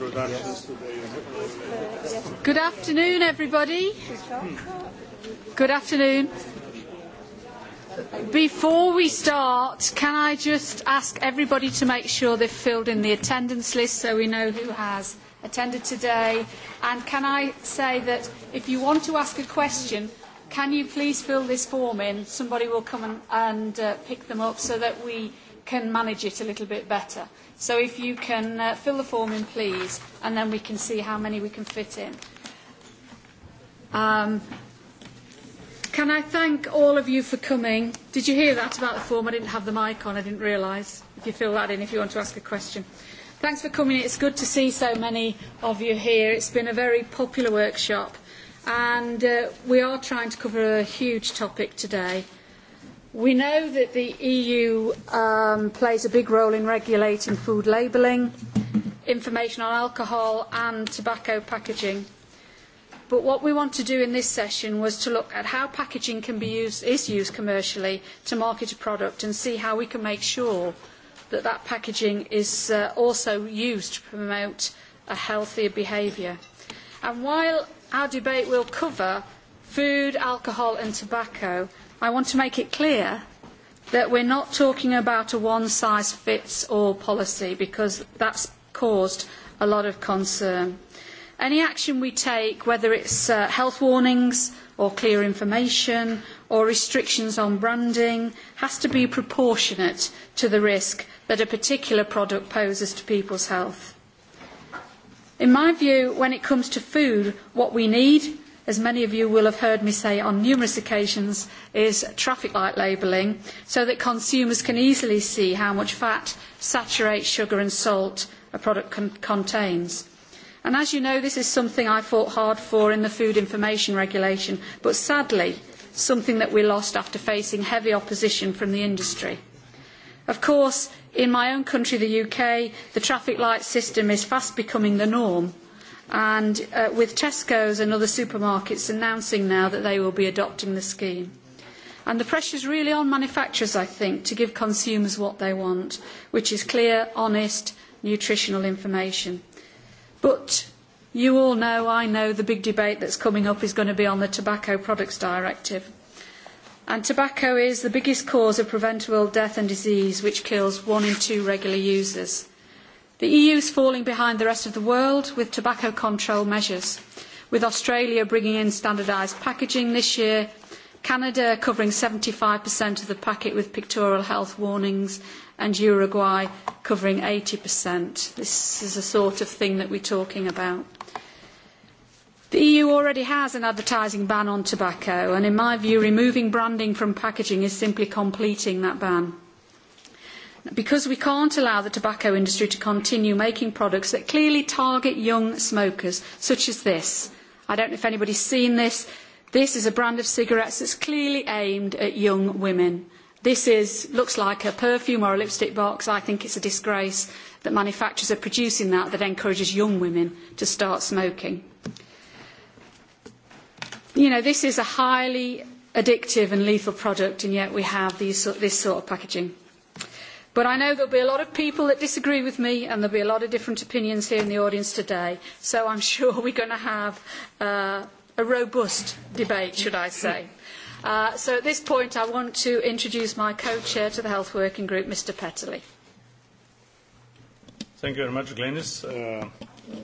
Good afternoon, everybody. Good afternoon. Before we start, can I just ask everybody to make sure they've filled in the attendance list so we know who has attended today? And can I say that if you want to ask a question, can you please fill this form in? Somebody will come and pick them up so that we can manage it a little bit better. So if you can fill the form in, please, and then we can see how many we can fit in. Can I thank all of you for coming? Did you hear that about the form? I didn't have the mic on. I didn't realise. If you fill that in, if you want to ask a question. Thanks for coming. It's good to see so many of you here. It's been a very popular workshop, and we are trying to cover a huge topic today We know that the EU plays a big role in regulating food labelling, information on alcohol and tobacco packaging. But what we want to do in this session was to look at how packaging can be used, is used commercially to market a product and see how we can make sure that that packaging is also used to promote a healthier behaviour. And while our debate will cover food, alcohol and tobacco, I want to make it clear that we're not talking about a one-size-fits-all policy because that's caused a lot of concern. Any action we take, whether it's health warnings or clear information or restrictions on branding, has to be proportionate to the risk that a particular product poses to people's health. In my view, when it comes to food, what we need as many of you will have heard me say on numerous occasions, is traffic light labelling so that consumers can easily see how much fat, saturate, sugar and salt a product contains. And as you know, this is something I fought hard for in the Food Information Regulation, but sadly something that we lost after facing heavy opposition from the industry. Of course, in my own country, the UK, the traffic light system is fast becoming the norm and with Tesco's and other supermarkets announcing now that they will be adopting the scheme. And the pressure is really on manufacturers, I think, to give consumers what they want, which is clear, honest, nutritional information. But you all know, I know, the big debate that's coming up is going to be on the Tobacco Products Directive. And tobacco is the biggest cause of preventable death and disease, which kills one in two regular users. The EU is falling behind the rest of the world with tobacco control measures, with Australia bringing in standardised packaging this year, Canada covering 75% of the packet with pictorial health warnings, and Uruguay covering 80%. This is the sort of thing that we're talking about. The EU already has an advertising ban on tobacco, and in my view, removing branding from packaging is simply completing that ban because we can't allow the tobacco industry to continue making products that clearly target young smokers, such as this. I don't know if anybody's seen this. This is a brand of cigarettes that's clearly aimed at young women. This looks like a perfume or a lipstick box. I think it's a disgrace that manufacturers are producing that that encourages young women to start smoking. You know, this is a highly addictive and lethal product, and yet we have this sort of packaging. But I know there will be a lot of people that disagree with me and there will be a lot of different opinions here in the audience today. So I'm sure we're going to have a robust debate, should I say. So at this point I want to introduce my co-chair to the Health Working Group, Mr. Petterly. Thank you very much, Glenis.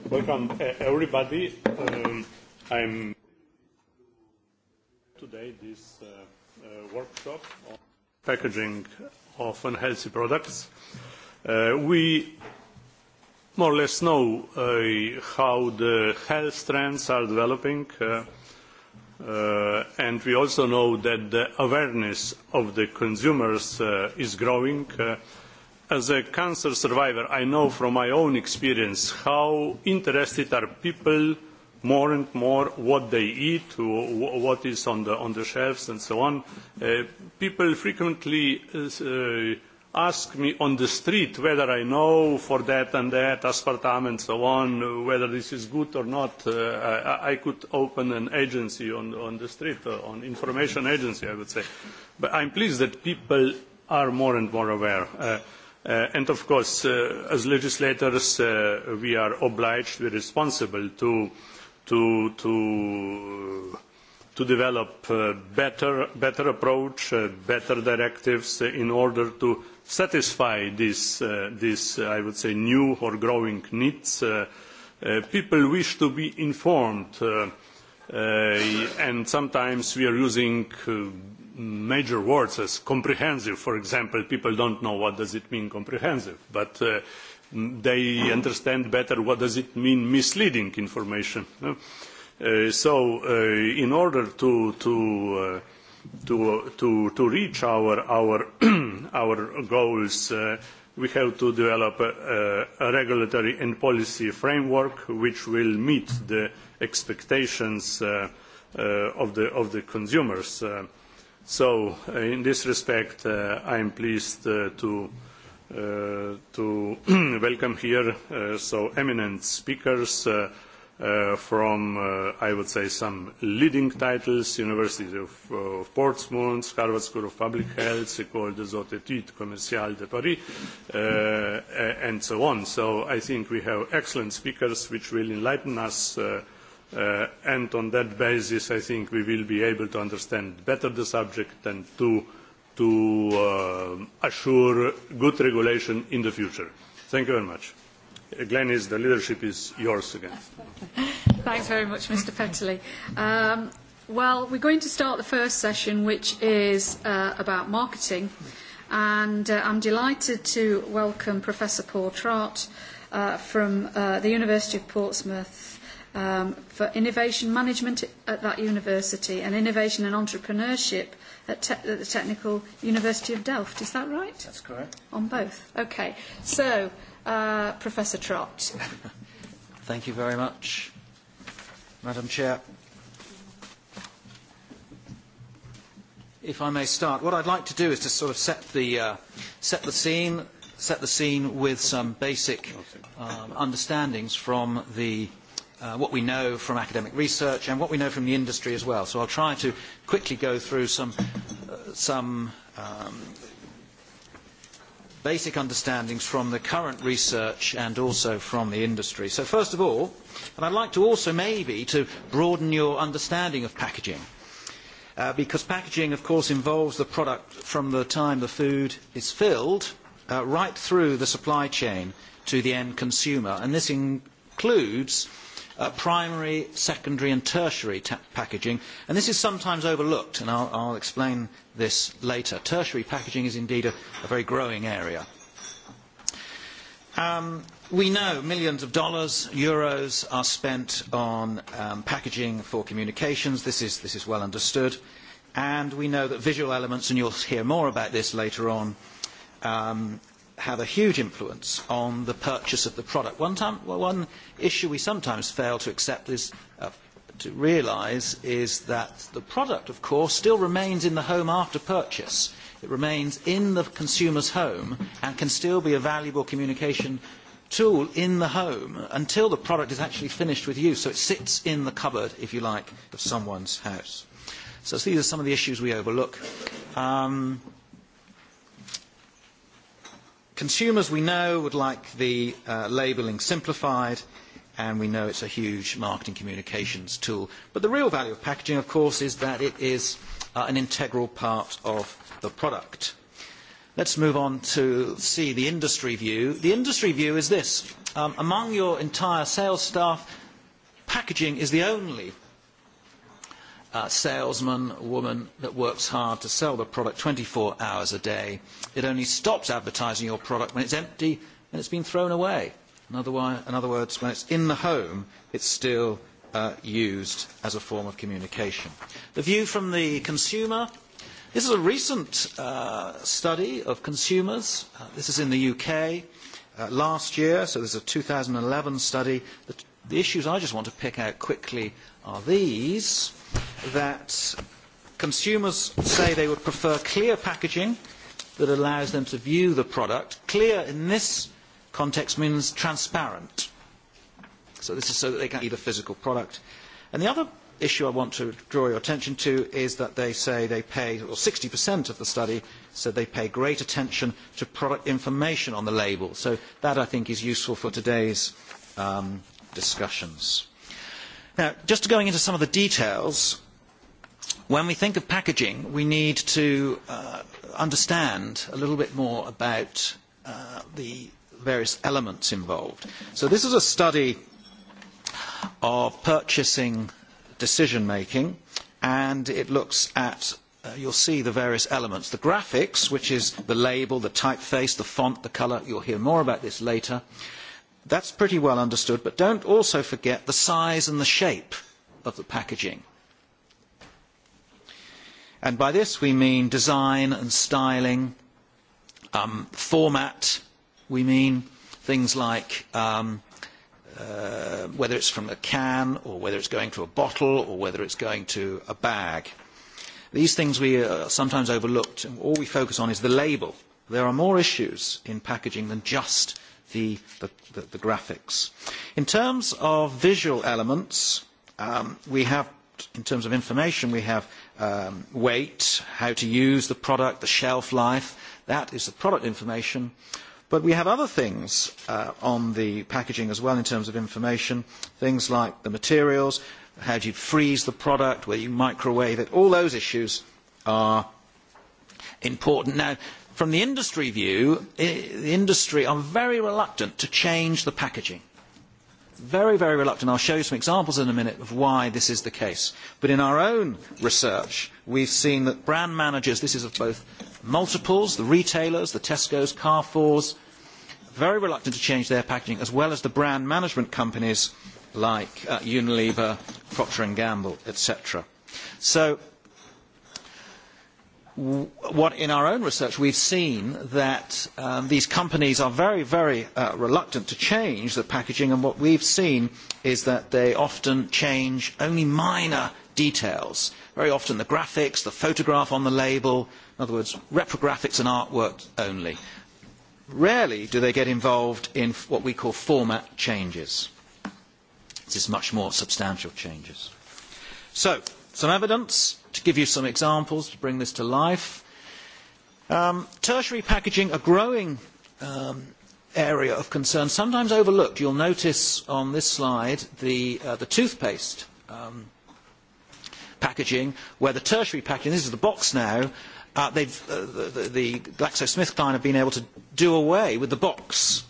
Welcome, everybody. I'm today this workshop on packaging of unhealthy products. We more or less know how the health trends are developing and we also know that the awareness of the consumers is growing. As a cancer survivor, I know from my own experience how interested are people more and more what they eat, what is on the shelves and so on. People frequently ask me on the street whether I know for that and that, aspartame and so on, whether this is good or not. I could open an agency on the street, an information agency, I would say. But I am pleased that people are more and more aware. And of course, as legislators, we are obliged, we are responsible to to to to develop a better approach, better directives in order to satisfy these, I would say, new or growing needs. People wish to be informed, and sometimes we are using major words as comprehensive. For example, people don't know what does it mean comprehensive, but they understand better what does it mean misleading information. So in order to to to reach our goals, we have to develop a regulatory and policy framework which will meet the expectations of the consumers. So in this respect, I am pleased to to welcome here so eminent speakers from, I would say, some leading titles, University of Portsmouth, Harvard School of Public Health, École des Hautes Études de Paris, and so on. So I think we have excellent speakers which will enlighten us, and on that basis I think we will be able to understand better the subject and to to assure good regulation in the future. Thank you very much. Glenys. the leadership is yours again. Thanks very much, Mr. Petterley. Well, we're going to start the first session, which is about marketing. And I'm delighted to welcome Professor Paul Trott from the University of Portsmouth for innovation management at that university and innovation and entrepreneurship at the Technical University of Delft. Is that right? That's correct. On both. Okay. So, Professor Trott. Thank you very much, Madam Chair. If I may start, what I'd like to do is to sort of set the set the scene, set the scene with some basic understandings from the what we know from academic research and what we know from the industry as well. So I'll try to quickly go through some basic understandings from the current research and also from the industry. So first of all, and I'd like to also maybe to broaden your understanding of packaging, because packaging, of course, involves the product from the time the food is filled right through the supply chain to the end consumer, and this includes primary, secondary and tertiary packaging, and this is sometimes overlooked, and I'll explain this later. Tertiary packaging is indeed a very growing area. We know millions of dollars, euros, are spent on packaging for communications. This is well understood. And we know that visual elements, and you'll hear more about this later on, have a huge influence on the purchase of the product. One issue we sometimes fail to accept is to realise is that the product, of course, still remains in the home after purchase. It remains in the consumer's home and can still be a valuable communication tool in the home until the product is actually finished with use. So it sits in the cupboard, if you like, of someone's house. So these are some of the issues we overlook. Consumers, we know, would like the labelling simplified, and we know it's a huge marketing communications tool. But the real value of packaging, of course, is that it is an integral part of the product. Let's move on to see the industry view. The industry view is this. Among your entire sales staff, packaging is the only salesman, woman that works hard to sell the product 24 hours a day. It only stops advertising your product when it's empty and it's been thrown away. In other words, when it's in the home, it's still used as a form of communication. The view from the consumer. This is a recent study of consumers. This is in the UK last year, so this is a 2011 study. The issues I just want to pick out quickly are these, that consumers say they would prefer clear packaging that allows them to view the product. Clear in this context means transparent. So this is so that they can see the physical product. And the other issue I want to draw your attention to is that they say they pay, or 60% of the study said they pay great attention to product information on the label. So that I think is useful for today's discussions. Now, just going into some of the details, when we think of packaging, we need to understand a little bit more about the various elements involved. So this is a study of purchasing decision-making, and it looks at you'll see the various elements. The graphics, which is the label, the typeface, the font, the colour, you'll hear more about this later. That's pretty well understood, but don't also forget the size and the shape of the packaging. And by this we mean design and styling, format. We mean things like whether it's from a can or whether it's going to a bottle or whether it's going to a bag. These things we are sometimes overlooked and all we focus on is the label. There are more issues in packaging than just the graphics. In terms of visual elements, we have, in terms of information, we have weight, how to use the product, the shelf life. That is the product information. But we have other things on the packaging as well in terms of information, things like the materials, how do you freeze the product, where you microwave it. All those issues are important. From the industry view, the industry are very reluctant to change the packaging. Very, very reluctant. I'll show you some examples in a minute of why this is the case. But in our own research, we've seen that brand managers, this is of both multiples, the retailers, the Tesco's, Carrefour's, very reluctant to change their packaging, as well as the brand management companies like Unilever, Procter Gamble, etc. So what in our own research we've seen that these companies are very, very reluctant to change the packaging and what we've seen is that they often change only minor details. Very often the graphics, the photograph on the label, in other words, reprographics and artwork only. Rarely do they get involved in what we call format changes. This is much more substantial changes. So some evidence to give you some examples to bring this to life. Tertiary packaging, a growing area of concern, sometimes overlooked. You'll notice on this slide the toothpaste packaging, where the tertiary packaging, this is the box now, They've the GlaxoSmithKline have been able to do away with the box.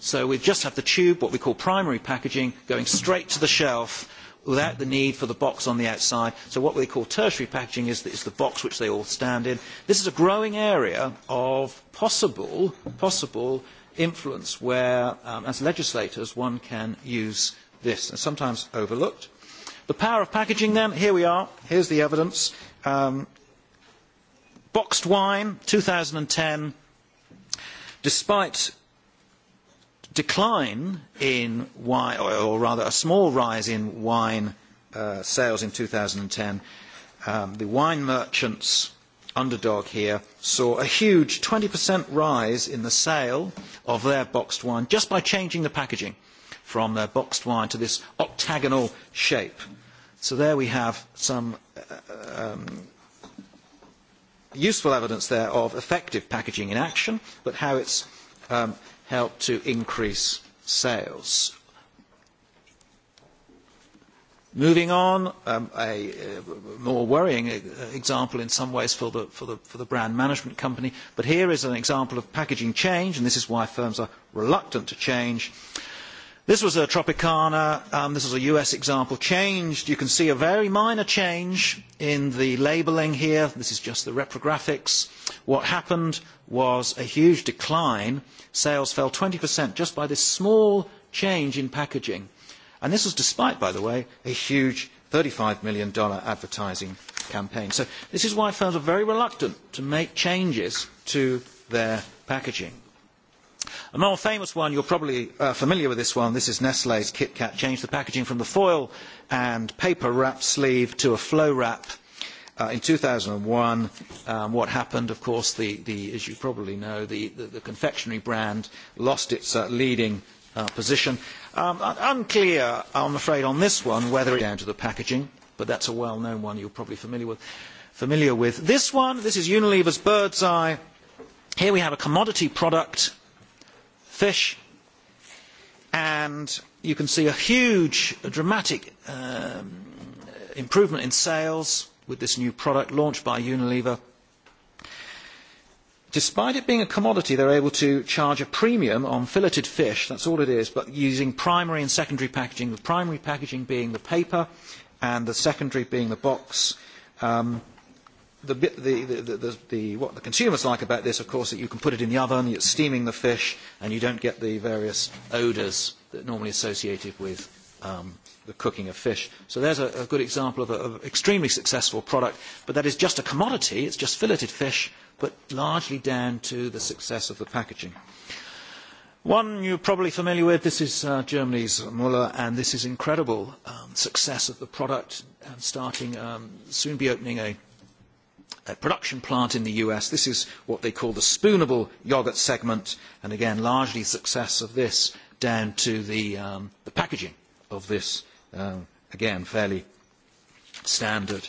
So we just have the tube, what we call primary packaging, going straight to the shelf without the need for the box on the outside. So what we call tertiary packaging is the box which they all stand in. This is a growing area of possible influence where, as legislators, one can use this, and sometimes overlooked. The power of packaging, then. Here we are. Here's the evidence. Boxed wine, 2010. Despite decline in wine, or rather a small rise in wine sales in 2010, the wine merchants underdog here saw a huge 20% rise in the sale of their boxed wine just by changing the packaging from their boxed wine to this octagonal shape. So there we have some useful evidence there of effective packaging in action, but how it's help to increase sales. Moving on, a more worrying example in some ways for the brand management company, but here is an example of packaging change, and this is why firms are reluctant to change. This was a Tropicana, this is a US example, changed. You can see a very minor change in the labelling here. This is just the reprographics. What happened was a huge decline. Sales fell 20% just by this small change in packaging. And this was despite, by the way, a huge $35 million advertising campaign. So this is why firms are very reluctant to make changes to their packaging. A more famous one, you are probably familiar with this one. This is Nestlé's Kit Kat changed the packaging from the foil and paper wrap sleeve to a flow wrap. In 2001, what happened? Of course, as you probably know, the confectionery brand lost its leading position. Unclear, I'm afraid, on this one whether it's down to the packaging, but that's a well-known one you're probably familiar with. This one, this is Unilever's Bird's Eye. Here we have a commodity product fish and you can see a huge dramatic improvement in sales with this new product launched by Unilever. Despite it being a commodity, they're able to charge a premium on filleted fish, that's all it is, but using primary and secondary packaging, the primary packaging being the paper and the secondary being the box. What the consumers like about this, of course, that you can put it in the oven, it's steaming the fish, and you don't get the various odors that are normally associated with the cooking of fish. So there's a good example of an extremely successful product, but that is just a commodity, it's just filleted fish, but largely down to the success of the packaging. One you're probably familiar with, this is Germany's Muller, and this is incredible success of the product, starting soon be opening a production plant in the US. This is what they call the spoonable yogurt segment, and again, largely success of this down to the packaging of this, again, fairly standard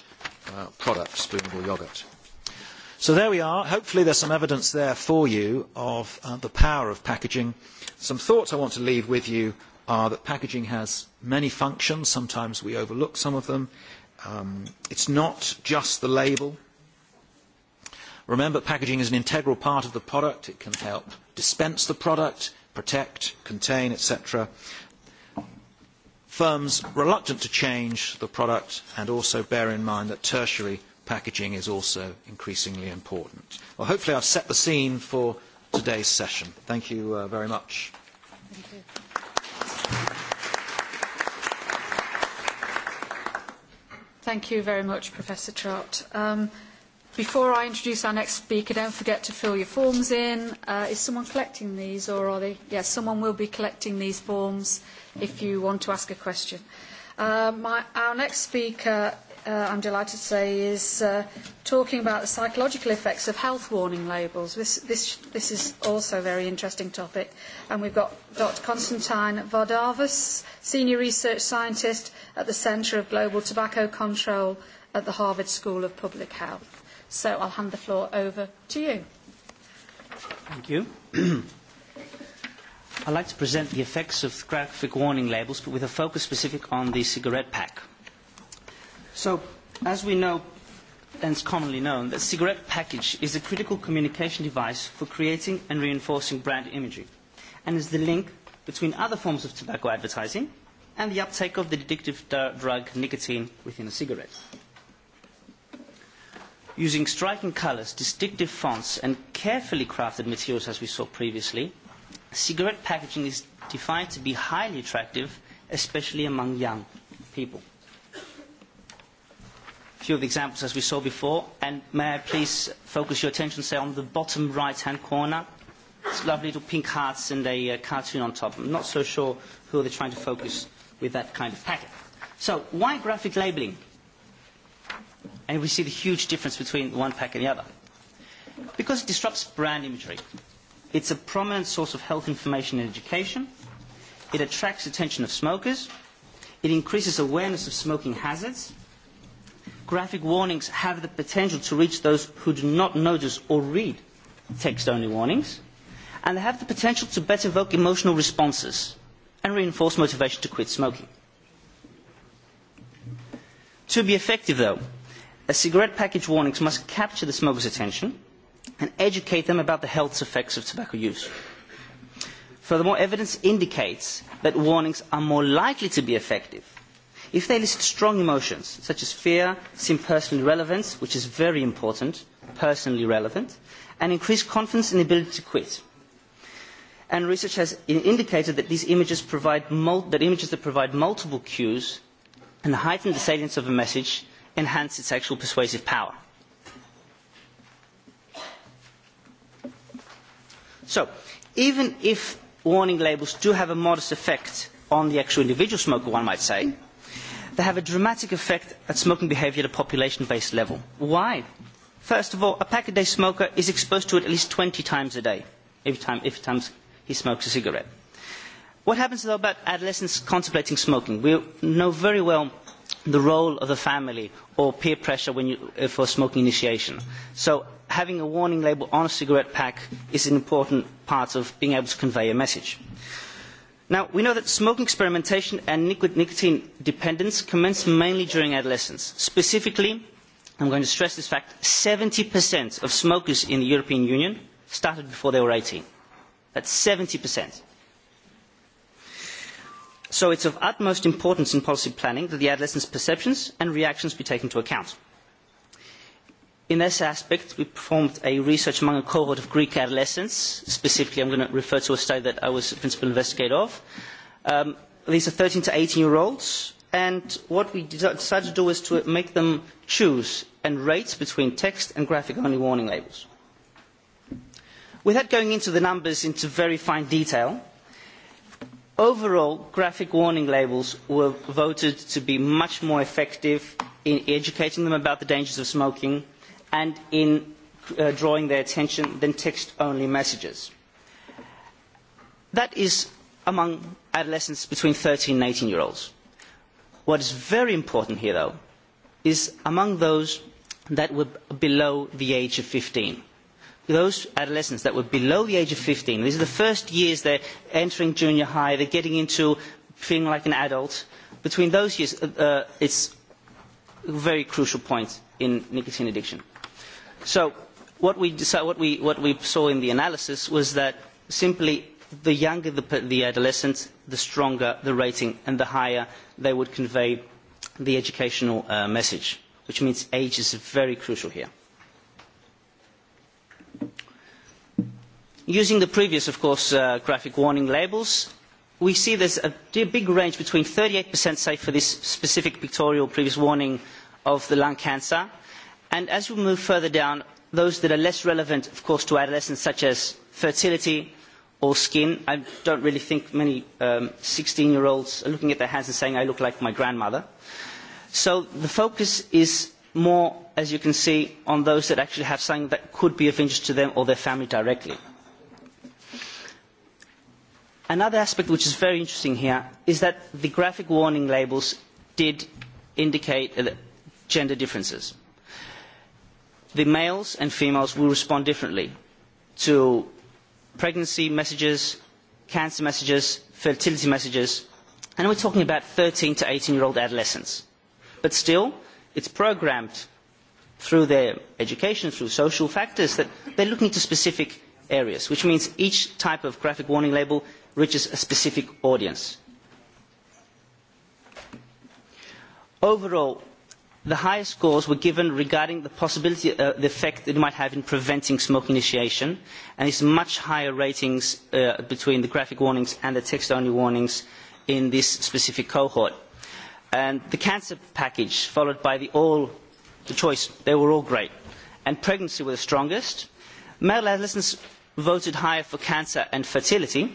product, spoonable yogurt. So there we are. Hopefully there's some evidence there for you of the power of packaging. Some thoughts I want to leave with you are that packaging has many functions. Sometimes we overlook some of them. It's not just the label. Remember, packaging is an integral part of the product. It can help dispense the product, protect, contain, etc. Firms reluctant to change the product and also bear in mind that tertiary packaging is also increasingly important. Well, hopefully I've set the scene for today's session. Thank you very much. Thank you very much, Professor Trott. Before I introduce our next speaker, don't forget to fill your forms in. Is someone collecting these, or are they? Yes, someone will be collecting these forms if you want to ask a question. Our next speaker, I'm delighted to say, is talking about the psychological effects of health warning labels. This is also a very interesting topic. And we've got Dr. Constantine Vardavas, Senior Research Scientist at the Center of Global Tobacco Control at the Harvard School of Public Health. So I'll hand the floor over to you. Thank you. I'd like to present the effects of graphic warning labels, but with a focus specific on the cigarette pack. So, as we know, and it's commonly known, the cigarette package is a critical communication device for creating and reinforcing brand imagery, and is the link between other forms of tobacco advertising and the uptake of the addictive drug nicotine within a cigarette using striking colours, distinctive fonts and carefully crafted materials as we saw previously, cigarette packaging is defined to be highly attractive, especially among young people. A few of the examples as we saw before, and may I please focus your attention, say, on the bottom right-hand corner. It's lovely little pink hearts and a cartoon on top. I'm not so sure who they're trying to focus with that kind of packet. So, why graphic labelling? and we see the huge difference between one pack and the other. Because it disrupts brand imagery. It's a prominent source of health information and education. It attracts attention of smokers. It increases awareness of smoking hazards. Graphic warnings have the potential to reach those who do not notice or read text-only warnings. And they have the potential to better evoke emotional responses and reinforce motivation to quit smoking. To be effective, though, cigarette package warnings must capture the smokers' attention and educate them about the health effects of tobacco use. Furthermore, evidence indicates that warnings are more likely to be effective if they list strong emotions such as fear, seem personally relevant, which is very important, personally relevant, and increase confidence in the ability to quit. And research has indicated that these images provide that images that provide multiple cues and heighten the salience of a message enhance its actual persuasive power. So, even if warning labels do have a modest effect on the actual individual smoker, one might say, they have a dramatic effect at smoking behaviour at a population-based level. Why? First of all, a pack-a-day smoker is exposed to it at least 20 times a day, every time he smokes a cigarette. What happens, though, about adolescents contemplating smoking? We know very well the role of the family or peer pressure for smoking initiation. So having a warning label on a cigarette pack is an important part of being able to convey a message. Now, we know that smoking experimentation and nicotine dependence commence mainly during adolescence. Specifically, I'm going to stress this fact, 70% of smokers in the European Union started before they were 18. That's 70% so it is of utmost importance in policy planning that the adolescents' perceptions and reactions be taken into account. in this aspect we performed a research among a cohort of greek adolescents specifically i am going to refer to a study that i was a principal investigator of these are 13 to 18 year olds and what we decided to do was to make them choose and rate between text and graphic only warning labels. without going into the numbers into very fine detail Overall, graphic warning labels were voted to be much more effective in educating them about the dangers of smoking and in drawing their attention than text-only messages. That is among adolescents between 13 and 18-year-olds. What is very important here, though, is among those that were below the age of 15 those adolescents that were below the age of 15, these are the first years they're entering junior high, they're getting into feeling like an adult, between those years, it's a very crucial point in nicotine addiction. So what we saw in the analysis was that simply the younger the adolescent, the stronger the rating and the higher they would convey the educational message, which means age is very crucial here. Using the previous, of course, graphic warning labels, we see is a big range between 38% say for this specific pictorial previous warning of the lung cancer, and as we move further down, those that are less relevant, of course, to adolescents, such as fertility or skin. I don't really think many 16-year-olds are looking at their hands and saying, I look like my grandmother. So the focus is more, as you can see, on those that actually have something that could be of interest to them or their family directly. Another aspect which is very interesting here is that the graphic warning labels did indicate gender differences. The males and females will respond differently to pregnancy messages, cancer messages, fertility messages, and we're talking about 13 to 18-year-old adolescents. But still, it's programmed through their education, through social factors, that they're looking to specific areas, which means each type of graphic warning label reaches a specific audience. Overall, the highest scores were given regarding the possibility, the effect it might have in preventing smoke initiation, and it's much higher ratings between the graphic warnings and the text-only warnings in this specific cohort. And the cancer package, followed by the all, the choice, they were all great. And pregnancy were the strongest. Male adolescents voted higher for cancer and fertility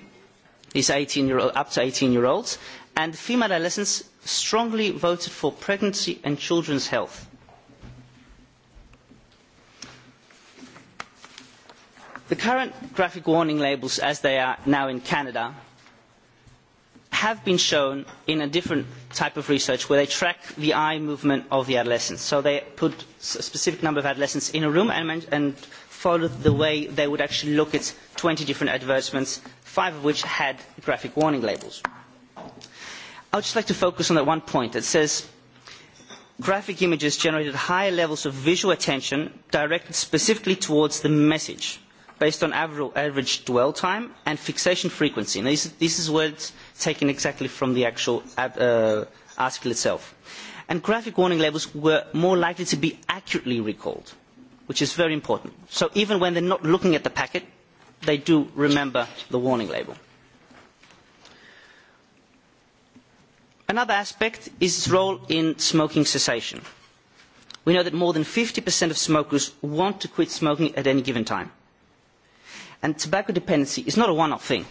these 18 year up to 18 year olds and female adolescents strongly voted for pregnancy and children's health. The current graphic warning labels as they are now in Canada have been shown in a different type of research where they track the eye movement of the adolescents. So they put a specific number of adolescents in a room and followed the way they would actually look at 20 different advertisements five of which had graphic warning labels. I would just like to focus on that one point that says graphic images generated higher levels of visual attention directed specifically towards the message based on average dwell time and fixation frequency. This is where it's taken exactly from the actual article itself. And graphic warning labels were more likely to be accurately recalled, which is very important. So even when they're not looking at the packet, they do remember the warning label. Another aspect is its role in smoking cessation. We know that more than 50% of smokers want to quit smoking at any given time. And tobacco dependency is not a one-off thing.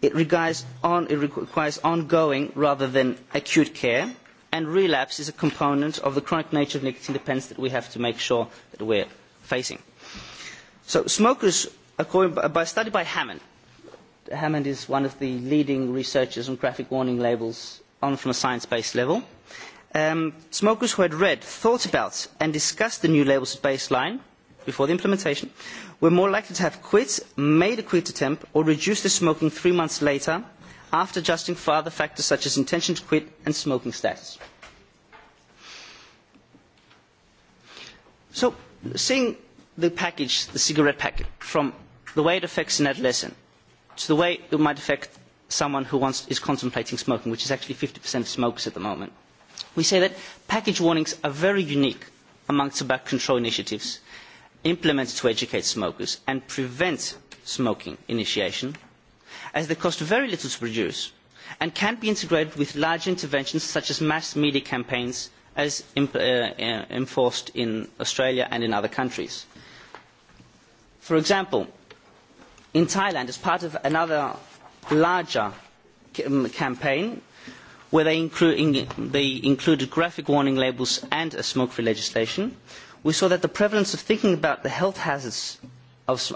It requires ongoing rather than acute care, and relapse is a component of the chronic nature of nicotine dependence that we have to make sure that we're facing. So smokers by a study by Hammond. Hammond is one of the leading researchers on graphic warning labels on from a science-based level. Smokers who had read, thought about and discussed the new labels at baseline before the implementation were more likely to have quit, made a quit attempt or reduced their smoking three months later after adjusting for other factors such as intention to quit and smoking status. So seeing the package, the cigarette packet from the way it affects an adolescent to the way it might affect someone who is contemplating smoking, which is actually 50% of smokers at the moment. We say that package warnings are very unique among tobacco control initiatives implemented to educate smokers and prevent smoking initiation, as they cost very little to produce and can be integrated with large interventions such as mass media campaigns as enforced in Australia and in other countries. For example, in Thailand as part of another larger campaign where they included graphic warning labels and a smoke-free legislation, we saw that the prevalence of thinking about the health hazards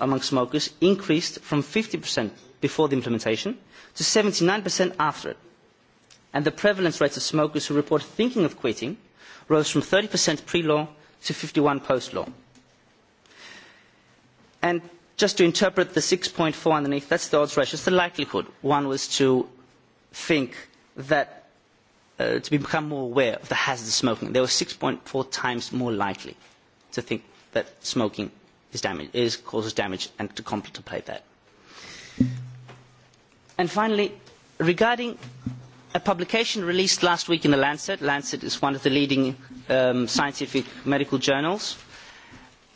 among smokers increased from 50% before the implementation to 79% after it. And the prevalence rates of smokers who reported thinking of quitting rose from 30% pre-law to 51 post-law. And just to interpret the 6.4 underneath, that's the odds ratio. It's the likelihood one was to think that, to become more aware of the hazards of smoking. They were 6.4 times more likely to think that smoking is damage, causes damage, and to contemplate that. And finally, regarding a publication released last week in the Lancet, Lancet is one of the leading scientific medical journals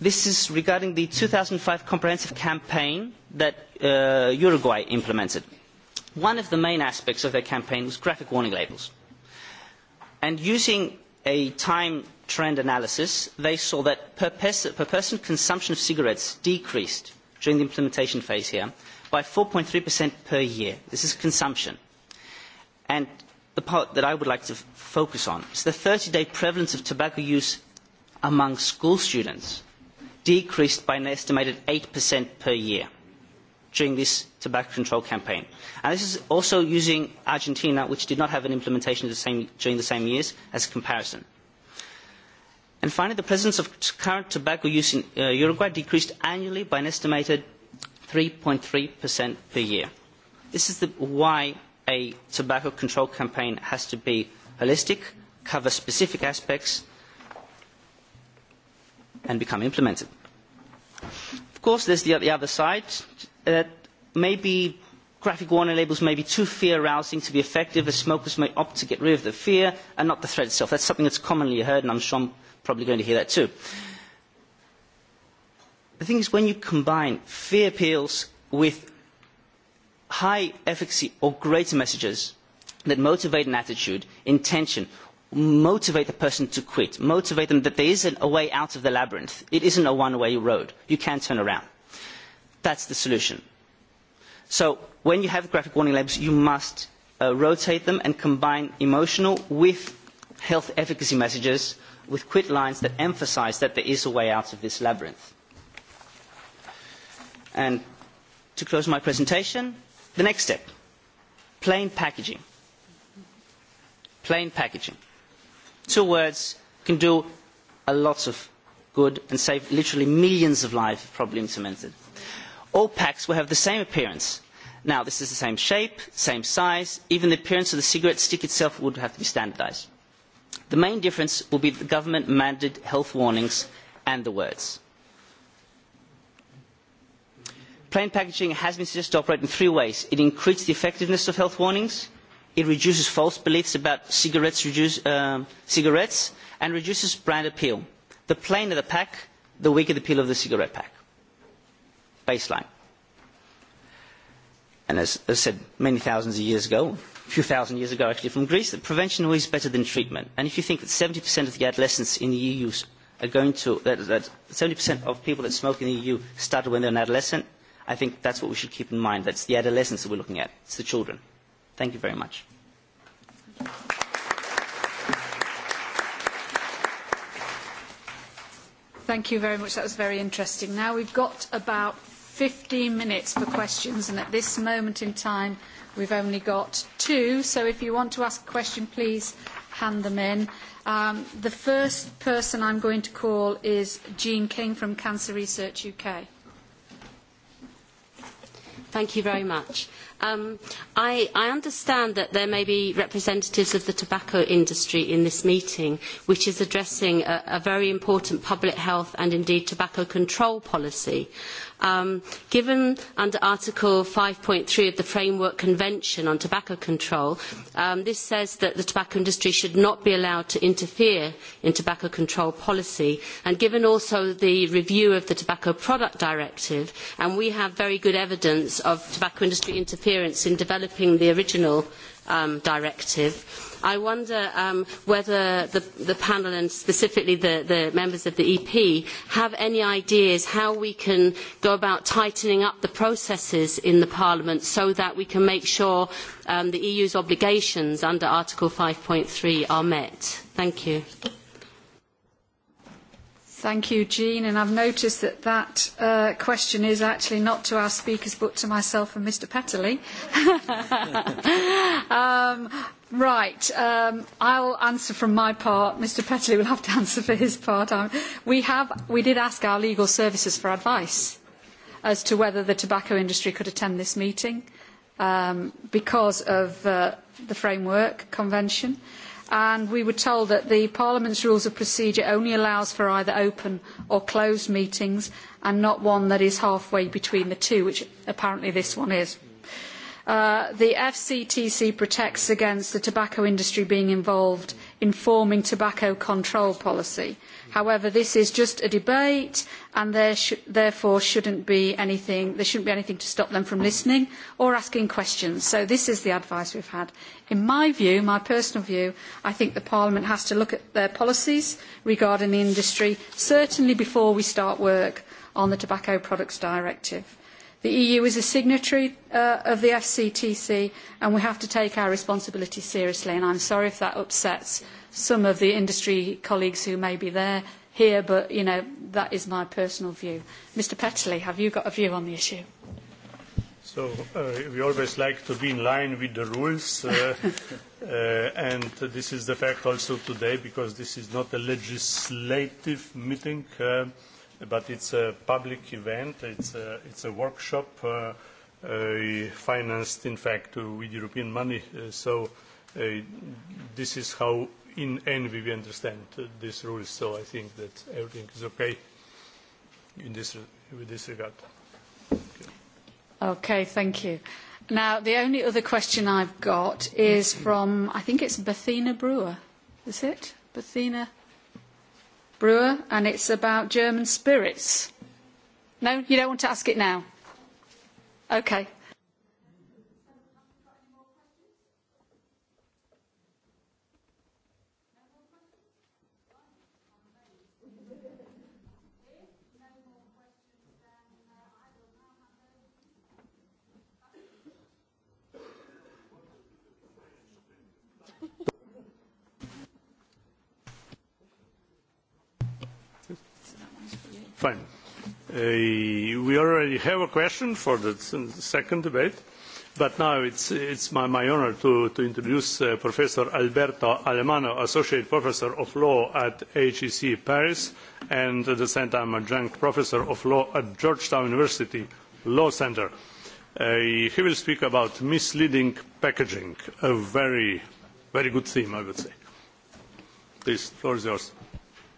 This is regarding the 2005 comprehensive campaign that Uruguay implemented. One of the main aspects of their campaign was graphic warning labels. And using a time trend analysis, they saw that per person consumption of cigarettes decreased during the implementation phase here by 4.3% per year. This is consumption. And the part that I would like to focus on is the 30-day prevalence of tobacco use among school students decreased by an estimated 8% per year during this tobacco control campaign. And this is also using Argentina, which did not have an implementation during the same years, as a comparison. And finally, the presence of current tobacco use in Uruguay decreased annually by an estimated 3.3% per year. This is why a tobacco control campaign has to be holistic, cover specific aspects, and become implemented. Of course, there's the other side that maybe graphic warning labels may be too fear arousing to be effective, as smokers may opt to get rid of the fear and not the threat itself. That's something that's commonly heard, and I'm sure I'm probably going to hear that too. The thing is, when you combine fear appeals with high efficacy or greater messages that motivate an attitude, intention, motivate the person to quit, motivate them that there is a way out of the labyrinth. It isn't a one-way road. You can turn around. That's the solution. So when you have graphic warning labels, you must rotate them and combine emotional with health efficacy messages, with quit lines that emphasize that there is a way out of this labyrinth. And to close my presentation, the next step, plain packaging. Plain packaging two words can do a lot of good and save literally millions of lives if properly implemented. All packs will have the same appearance. Now, this is the same shape, same size, even the appearance of the cigarette stick itself would have to be standardised. The main difference will be the government-mandated health warnings and the words. Plain packaging has been suggested to operate in three ways. It increases the effectiveness of health warnings, It reduces false beliefs about cigarettes and reduces brand appeal. The plainer the pack, the weaker the appeal of the cigarette pack. Baseline. And as I said many thousands of years ago, a few thousand years ago actually from Greece, prevention is always better than treatment. And if you think that 70% of the adolescents in the EU are going to, that 70% of people that smoke in the EU started when they're an adolescent, I think that's what we should keep in mind. That's the adolescents that we're looking at. It's the children. Thank you very much. Thank you very much. That was very interesting. Now we've got about 15 minutes for questions, and at this moment in time, we've only got two. So if you want to ask a question, please hand them in. The first person I'm going to call is Jean King from Cancer Research UK. Thank you very much. I understand that there may be representatives of the tobacco industry in this meeting, which is addressing a very important public health and indeed tobacco control policy. Given under Article 5.3 of the Framework Convention on Tobacco Control, this says that the tobacco industry should not be allowed to interfere in tobacco control policy. And given also the review of the Tobacco Product Directive, and we have very good evidence of tobacco industry interference experience in developing the original directive. I wonder whether the panel and specifically the members of the EP have any ideas how we can go about tightening up the processes in Parliament so that we can make sure the EU's obligations under Article 5.3 are met. Thank you. Thank you, Jean. And I've noticed that that question is actually not to our speakers, but to myself and Mr. Petterly. Right. I'll answer from my part. Mr. Petterli will have to answer for his part. We did ask our legal services for advice as to whether the tobacco industry could attend this meeting because of the framework convention and we were told that Parliament's rules of procedure only allows for either open or closed meetings and not one that is halfway between the two, which apparently this one is the FCTC protects against the tobacco industry being involved in forming tobacco control policy. However, this is just a debate and there therefore shouldn't be anything, there shouldn't be anything to stop them from listening or asking questions. So this is the advice we've had. In my view, my personal view, I think the Parliament has to look at their policies regarding the industry, certainly before we start work on the Tobacco Products Directive. The EU is a signatory of the FCTC and we have to take our responsibility seriously and I'm sorry if that upsets some of the industry colleagues who may be there here but that is my personal view. Mr Petley, have you got a view on the issue? So we always like to be in line with the rules and this is the fact also today because this is not a legislative meeting but it's a public event. It's a, workshop financed, in fact, with European money. So this is how in envy we understand this rule So I think that everything is okay in this, with this regard. Okay, thank you. Now, the only other question I've got is from, I think it's Bethina Brewer. Is it? Bethina? Brewer, and it's about German spirits. No, you don't want to ask it now. Okay. Fine. We already have a question for the second debate, but now it's my honor to introduce Professor Alberto Alemano, Associate Professor of Law at HEC Paris and at the same time Adjunct Professor of Law at Georgetown University Law Center. He will speak about misleading packaging, a very, very good theme, I would say. Please, the floor is yours.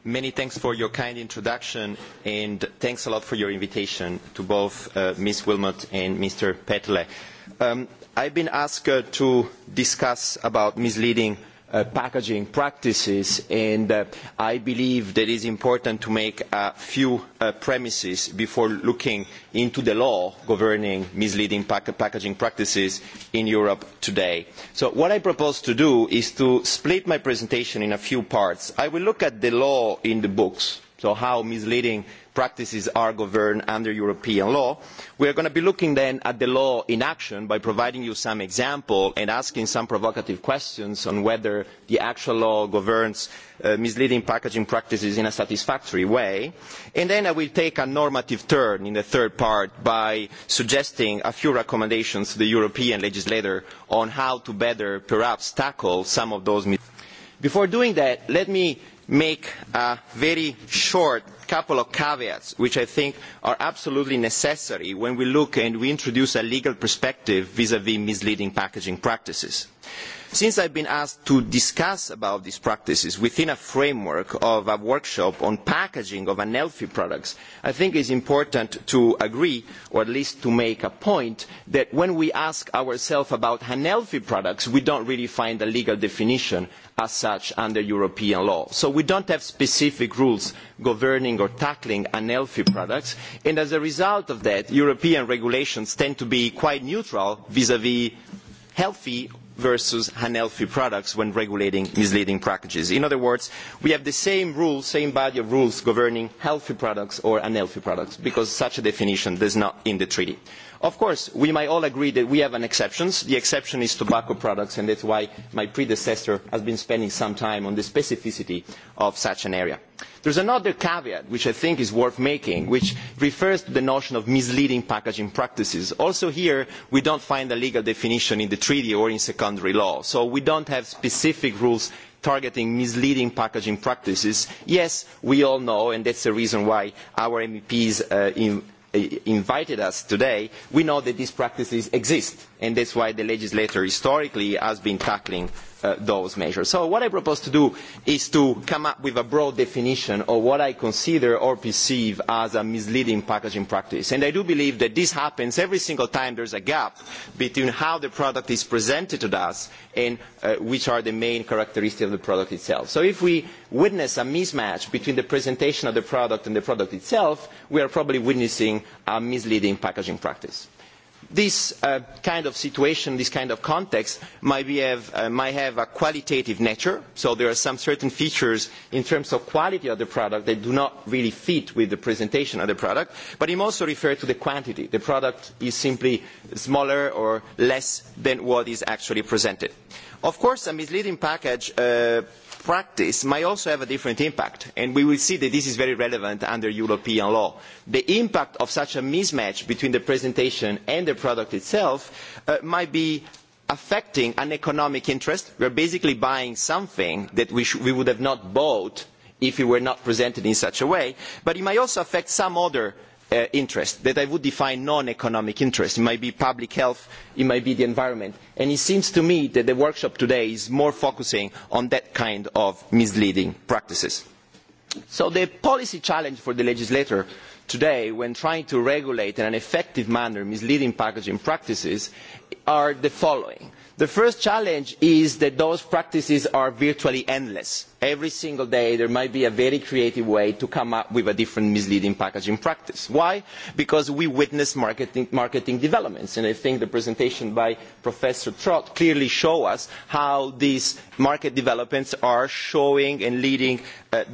Many thanks for your kind introduction and thanks a lot for your invitation to both Ms. Wilmot and Mr. I I've been asked to discuss about misleading packaging practices and I believe that it is important to make a few premises before looking into the law governing misleading packaging practices in Europe today. So what I propose to do is to split my presentation in a few parts. I will look at the law in the books, so how misleading practices are governed under European law. We are going to be looking then at the law in action by providing you some example and asking some provocative questions on whether the actual law governs misleading packaging practices in a satisfactory way. And then I will take a normative turn in the third part by suggesting a few recommendations to the European legislator on how to better perhaps tackle some of those. Before doing that, let me make a very short couple of caveats which I think are absolutely necessary when we look and we introduce a legal perspective vis-à-vis misleading packaging practices. Since I have been asked to discuss about these practices within a framework of a workshop on packaging of unhealthy products, I think it is important to agree, or at least to make a point, that when we ask ourselves about unhealthy products, we don't really find a legal definition as such under European law. So we don't have specific rules governing or tackling unhealthy products, and as a result of that, European regulations tend to be quite neutral vis-à-vis healthy versus unhealthy products when regulating misleading packages. In other words, we have the same rules, same body of rules governing healthy products or unhealthy products, because such a definition does not in the treaty. Of course, we might all agree that we have an exception. The exception is tobacco products, and that's why my predecessor has been spending some time on the specificity of such an area. There is another caveat, which I think is worth making, which refers to the notion of misleading packaging practices. Also here, we don't find a legal definition in the treaty or in secondary law, so we don't have specific rules targeting misleading packaging practices. Yes, we all know, and that's the reason why our MEPs in invited us today, we know that these practices exist, and that is why the legislator historically has been tackling those measures. So what I propose to do is to come up with a broad definition of what I consider or perceive as a misleading packaging practice. And I do believe that this happens every single time there's a gap between how the product is presented to us and which are the main characteristics of the product itself. So if we witness a mismatch between the presentation of the product and the product itself, we are probably witnessing a misleading packaging practice this kind of situation this kind of context might have a qualitative nature so there are some certain features in terms of quality of the product that do not really fit with the presentation of the product but it also refers to the quantity the product is simply smaller or less than what is actually presented. of course a misleading package practice might also have a different impact and we will see that this is very relevant under european law. the impact of such a mismatch between the presentation and the product itself might be affecting an economic interest we are basically buying something that we would have not bought if it were not presented in such a way but it might also affect some other interest that i would define non economic interests it might be public health it might be the environment and it seems to me that the workshop today is more focusing on that kind of misleading practices. so the policy challenge for the legislator today when trying to regulate in an effective manner misleading packaging practices are the following the first challenge is that those practices are virtually endless. every single day there might be a very creative way to come up with a different misleading packaging practice. why? because we witness marketing developments and i think the presentation by professor trott clearly show us how these market developments are showing and leading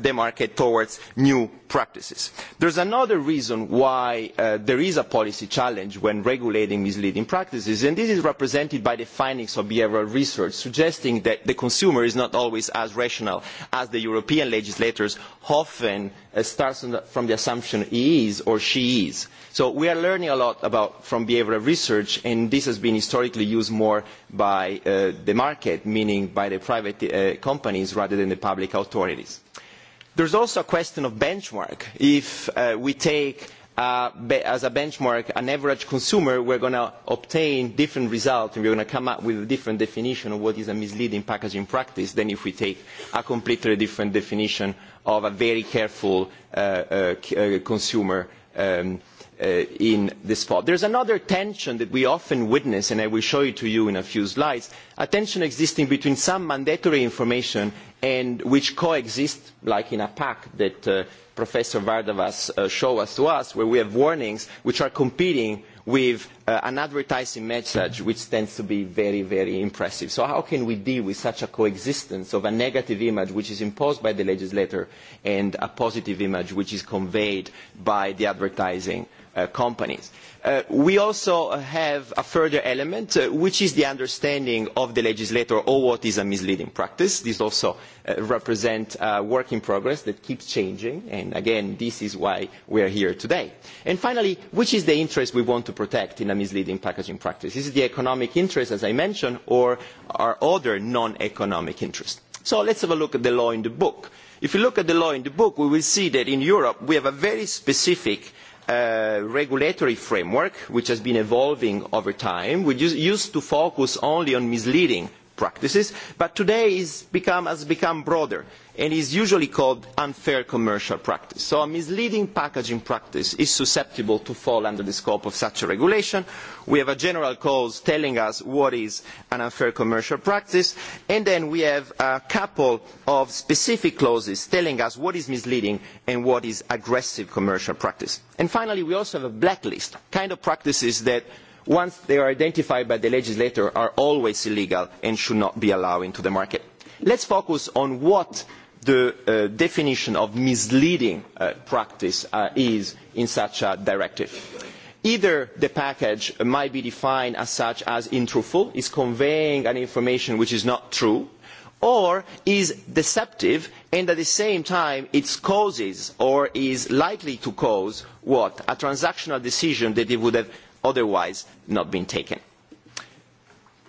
the market towards new practices. there is another reason why there is a policy challenge when regulating misleading practices and this is represented by the findings of behavioural research, suggesting that the consumer is not always as rational as the European legislators often start from the assumption he is or she is. So we are learning a lot from behavioural research, and this has been historically used more by the market, meaning by the private companies rather than the public authorities. There is also a question of benchmark. If we take as a benchmark an average consumer we are going to obtain different results and we are going to come up with a different definition of what is a misleading packaging practice than if we take a completely different definition of a very careful consumer in the spot. There is another tension that we often witness and I will show it to you in a few slides a tension existing between some mandatory information and which coexist, like in a pack that Professor Vardavas showed us to us, where we have warnings which are competing with an advertising message which tends to be very, very impressive. So how can we deal with such a coexistence of a negative image which is imposed by the legislator and a positive image which is conveyed by the advertising companies. We also have a further element, which is the understanding of the legislator of what is a misleading practice. This also represents a work in progress that keeps changing, and again, this is why we are here today. And finally, which is the interest we want to protect in a misleading packaging practice? Is it the economic interest, as I mentioned, or are other non-economic interests? So let's have a look at the law in the book. If you look at the law in the book, we will see that in Europe we have a very specific regulatory framework which has been evolving over time which used to focus only on misleading practices, but today has become broader and is usually called unfair commercial practice. So a misleading packaging practice is susceptible to fall under the scope of such a regulation. We have a general clause telling us what is an unfair commercial practice, and then we have a couple of specific clauses telling us what is misleading and what is aggressive commercial practice. And finally, we also have a blacklist, kind of practices that once they are identified by the legislator are always illegal and should not be allowed into the market. Let's focus on what the definition of misleading practice is in such a directive. Either the package might be defined as such as untruthful, is conveying an information which is not true, or is deceptive and at the same time it causes or is likely to cause what? A transactional decision that it would have otherwise not been taken.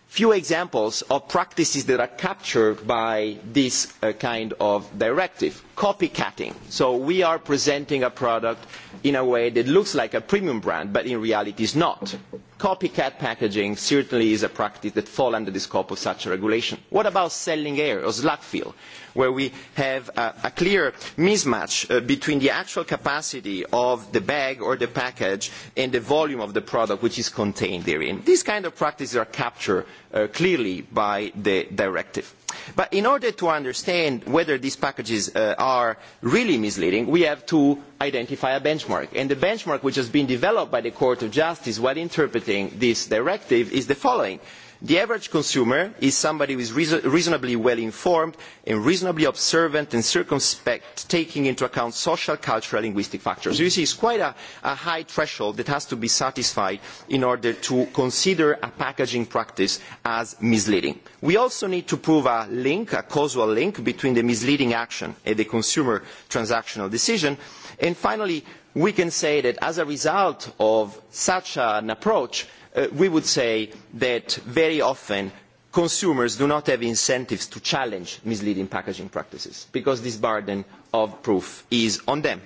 Few examples of practices that are captured by this kind of directive. Copycatting. So we are presenting a product in a way that looks like a premium brand, but in reality is not. Copycat packaging certainly is a practice that falls under the scope of such a regulation. What about selling air or slack fill, where we have a clear mismatch between the actual capacity of the bag or the package and the volume of the product which is contained therein? These kind of practices are captured clearly by the directive. But in order to understand whether these packages are really misleading, we have to identify a benchmark. And the benchmark which has been developed by the Court of Justice while interpreting this directive is the following The average consumer is somebody who is reasonably well informed and reasonably observant and circumspect, taking into account social, cultural, linguistic factors. You see, it's quite a high threshold that has to be satisfied in order to consider a packaging practice as misleading. We also need to prove a link, a causal link, between the misleading action and the consumer transactional decision. And finally, we can say that as a result of such an approach, we would say that very often consumers do not have incentives to challenge misleading packaging practices because this burden of proof is on them.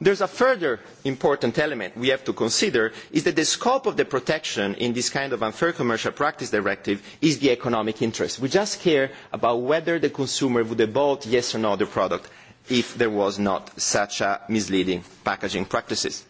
There is a further important element we have to consider is that the scope of the protection in this kind of unfair commercial practice directive is the economic interest. We just care about whether the consumer would have bought yes or no the product if there was not such misleading packaging practices.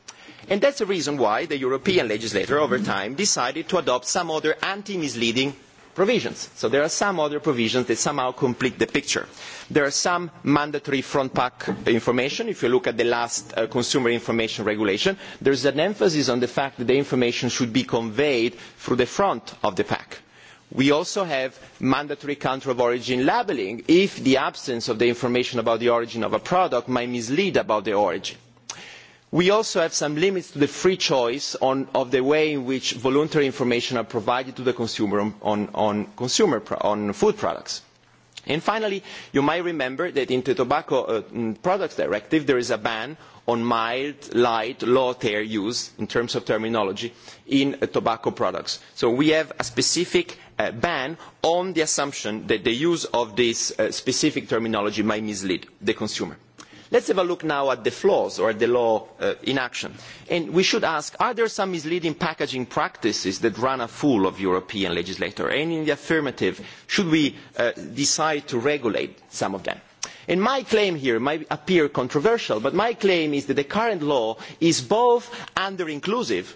And that's the reason why the European legislator over time decided to adopt some other anti-misleading provisions. So there are some other provisions that somehow complete the picture. There are some mandatory front pack information. If you look at the last consumer information regulation, there is an emphasis on the fact that the information should be conveyed through the front of the pack. We also have mandatory country of origin labelling if the absence of the information about the origin of a product might mislead about the origin we also have some limits to the free choice of the way in which voluntary information are provided to the consumer on food products. and finally you might remember that in the tobacco products directive there is a ban on mild light low tear use in terms of terminology in tobacco products. so we have a specific ban on the assumption that the use of this specific terminology might mislead the consumer. Let's have a look now at the flaws or at the law in action. And we should ask, are there some misleading packaging practices that run afoul of European legislation And in the affirmative, should we decide to regulate some of them? my claim here might appear controversial, but my claim is that the current law is both under-inclusive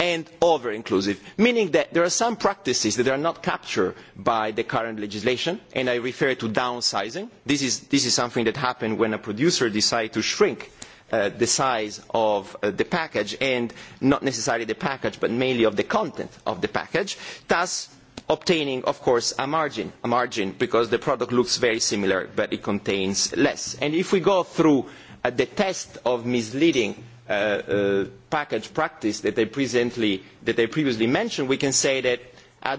and over inclusive meaning that there are some practices that are not captured by the current legislation and i refer to downsizing this is something that happens when a producer decides to shrink the size of the package and not necessarily the package but mainly of the content of the package thus obtaining of course a margin a margin because the product looks very similar but it contains less. and if we go through the test of misleading package practice that I previously mentioned, we can say that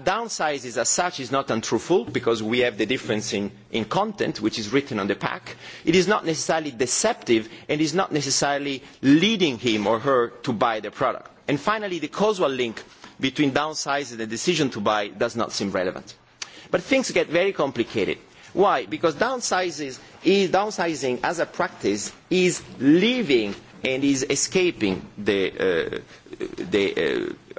downsizing as such is not untruthful because we have the difference in content which is written on the pack. It is not necessarily deceptive and is not necessarily leading him or her to buy the product. And finally, the causal link between downsizing and the decision to buy does not seem relevant. But things get very complicated. Why? Because downsizing as a practice is leaving and is escaping the,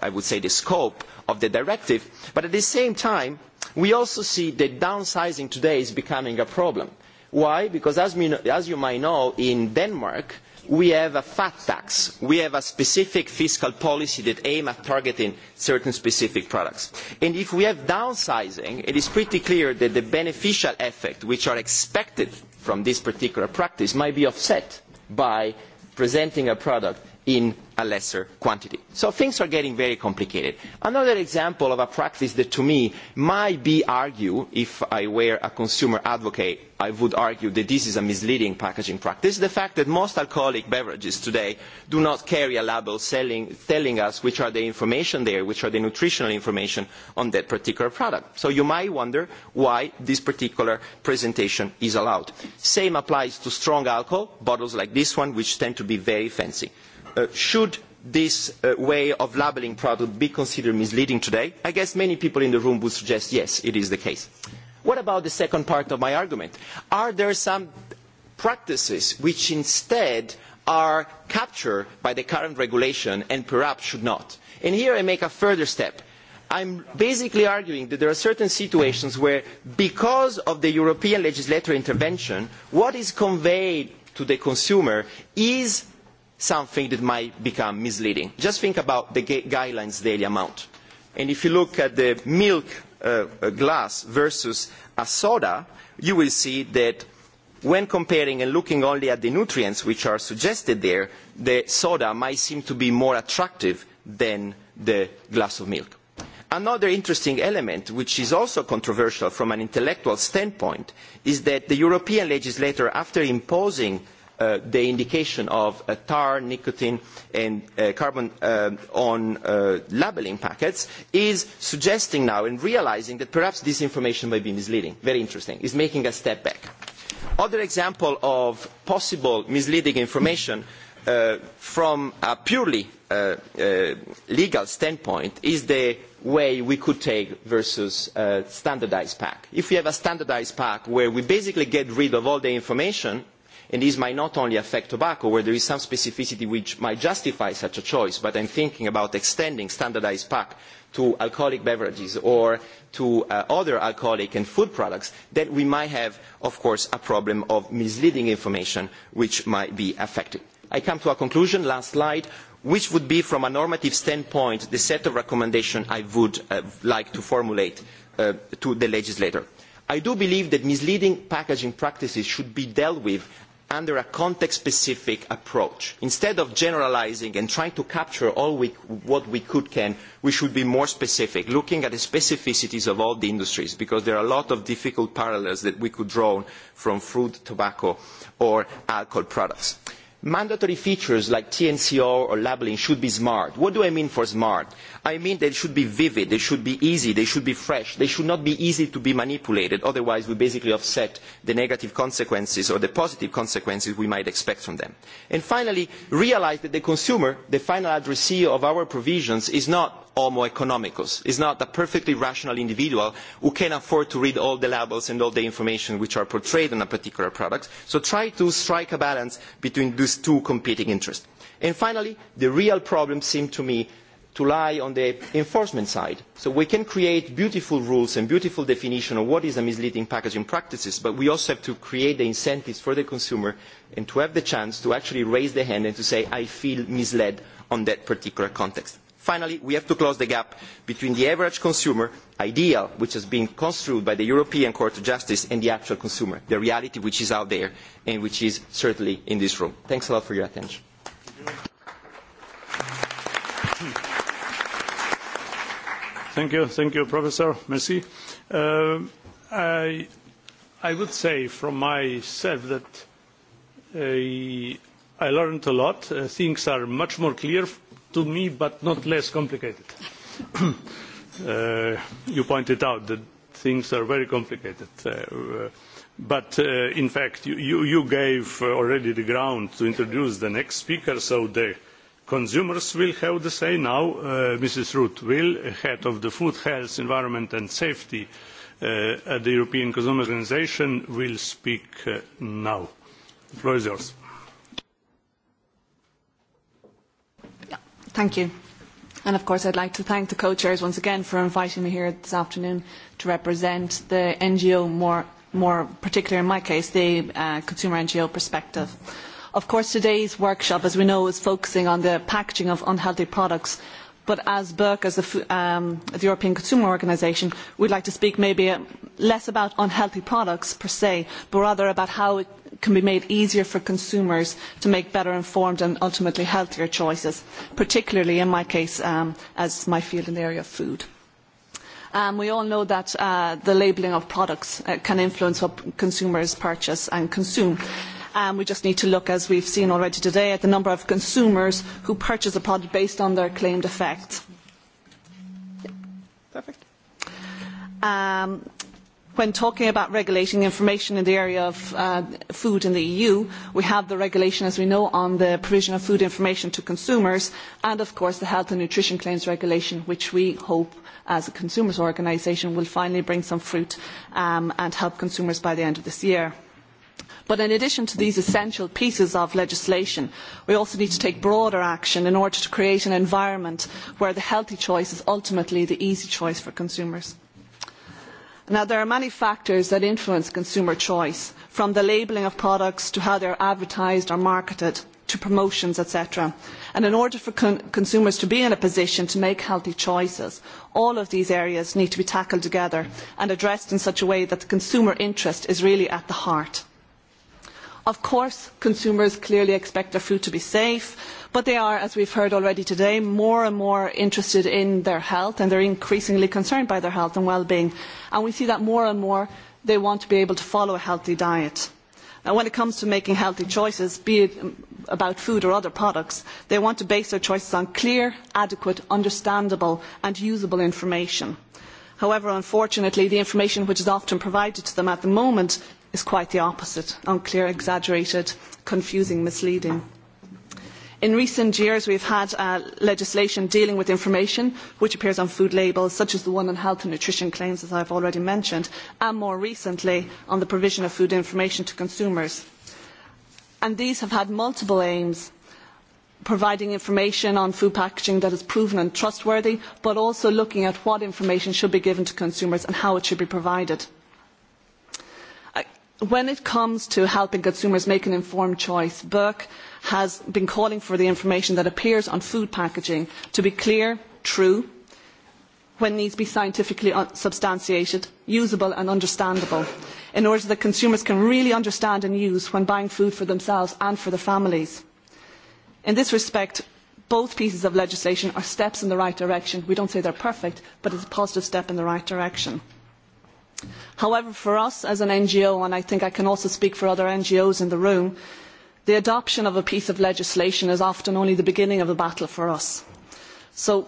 I would say, the scope of the directive. But at the same time, we also see that downsizing today is becoming a problem. Why? Because as you might know, in Denmark, we have a fat tax. We have a specific fiscal policy that aims at targeting certain specific products. And if we have downsizing, it is pretty clear that the beneficial effect which are expected from this particular practice might be offset by presenting a product in a lesser quantity. So things are getting very complicated. Another example of a practice that to me might be argued, if I were a consumer advocate, I would argue that this is a misleading packaging practice, the fact that most alcoholic beverages today do not carry a label telling us which are the information there, which are the nutritional information on that particular product. So you might wonder why this particular presentation is allowed. Same applies to strong alcohol, bottles like this one, which tend to be very fancy should this way of labelling product be considered misleading today? I guess many people in the room would suggest yes, it is the case. What about the second part of my argument? Are there some practices which instead are captured by the current regulation and perhaps should not? And here I make a further step. I'm basically arguing that there are certain situations where, because of the European legislative intervention, what is conveyed to the consumer is something that might become misleading. Just think about the guidelines daily amount. And if you look at the milk glass versus a soda, you will see that when comparing and looking only at the nutrients which are suggested there, the soda might seem to be more attractive than the glass of milk. Another interesting element, which is also controversial from an intellectual standpoint, is that the European legislator, after imposing the indication of tar, nicotine and carbon on labelling packets is suggesting now and realising that perhaps this information may be misleading. Very interesting. It's making a step back. Other example of possible misleading information from a purely legal standpoint is the way we could take versus standardised pack. If we have a standardised pack where we basically get rid of all the information and these might not only affect tobacco where there is some specificity which might justify such a choice but i am thinking about extending standardised pack to alcoholic beverages or to other alcoholic and food products then we might have of course a problem of misleading information which might be affected. i come to a conclusion last slide which would be from a normative standpoint the set of recommendations i would like to formulate to the legislator. i do believe that misleading packaging practices should be dealt with under a context specific approach. instead of generalising and trying to capture all what we could can we should be more specific looking at the specificities of all the industries because there are a lot of difficult parallels that we could draw from fruit tobacco or alcohol products mandatory features like TNCO or labelling should be smart. what do i mean for smart? i mean they should be vivid they should be easy they should be fresh they should not be easy to be manipulated otherwise we basically offset the negative consequences or the positive consequences we might expect from them. and finally realise that the consumer the final addressee of our provisions is not homo economicus is not a perfectly rational individual who can afford to read all the labels and all the information which are portrayed on a particular product so try to strike a balance between these two competing interests. and finally the real problem seems to me to lie on the enforcement side. so we can create beautiful rules and beautiful definition of what is a misleading packaging practices but we also have to create the incentives for the consumer and to have the chance to actually raise their hand and to say i feel misled on that particular context. Finally, we have to close the gap between the average consumer ideal, which has been construed by the European Court of Justice, and the actual consumer, the reality which is out there and which is certainly in this room. Thanks a lot for your attention. Thank you, thank you, Professor. Merci. I would say from myself that I learned a lot. Things are much more clear to me but not less complicated. You pointed out that things are very complicated, but in fact you gave already the ground to introduce the next speaker, so the consumers will have the say now. Mrs. Ruth Will, head of the Food, Health, Environment and Safety at the European Consumer Organisation, will speak now. The floor is yours. Thank you. And of course I'd like to thank the co-chairs once again for inviting me here this afternoon to represent the NGO more, more particularly in my case, the consumer NGO perspective. Of course today's workshop, as we know, is focusing on the packaging of unhealthy products But as Burke, as the European Consumer Organisation, would like to speak maybe less about unhealthy products per se, but rather about how it can be made easier for consumers to make better informed and ultimately healthier choices, particularly in my case as my field in the area of food. We all know that the labelling of products can influence what consumers purchase and consume. We just need to look, as we've seen already today, at the number of consumers who purchase a product based on their claimed effect. When talking about regulating information in the area of food in the EU, we have the regulation, as we know, on the provision of food information to consumers, and of course the health and nutrition claims regulation, which we hope, as a consumers' organisation, will finally bring some fruit and help consumers by the end of this year. But in addition to these essential pieces of legislation, we also need to take broader action in order to create an environment where the healthy choice is ultimately the easy choice for consumers. there are many factors that influence consumer choice, from the labelling of products to how they are advertised or marketed to promotions etc. and in order for consumers to be in a position to make healthy choices all of these areas need to be tackled together and addressed in such a way that the consumer interest is really at the heart. Of course, consumers clearly expect their food to be safe, but they are, as we've heard already today, more and more interested in their health and they're increasingly concerned by their health and well-being. And we see that more and more they want to be able to follow a healthy diet. When it comes to making healthy choices, be it about food or other products, they want to base their choices on clear, adequate, understandable and usable information. However, unfortunately, the information which is often provided to them at the moment is quite the opposite unclear, exaggerated, confusing, misleading. In recent years we have had legislation dealing with information which appears on food labels, such as the one on health and nutrition claims, as I have already mentioned, and more recently on the provision of food information to consumers. And these have had multiple aims providing information on food packaging that is proven and trustworthy, but also looking at what information should be given to consumers and how it should be provided when it comes to helping consumers make an informed choice burke has been calling for the information that appears on food packaging to be clear true when needs be scientifically substantiated usable and understandable in order that consumers can really understand and use when buying food for themselves and for their families. in this respect both pieces of legislation are steps in the right direction. we do not say they are perfect but it is a positive step in the right direction. However, for us as an NGO, and I think I can also speak for other NGOs in the room, the adoption of a piece of legislation is often only the beginning of a battle for us. So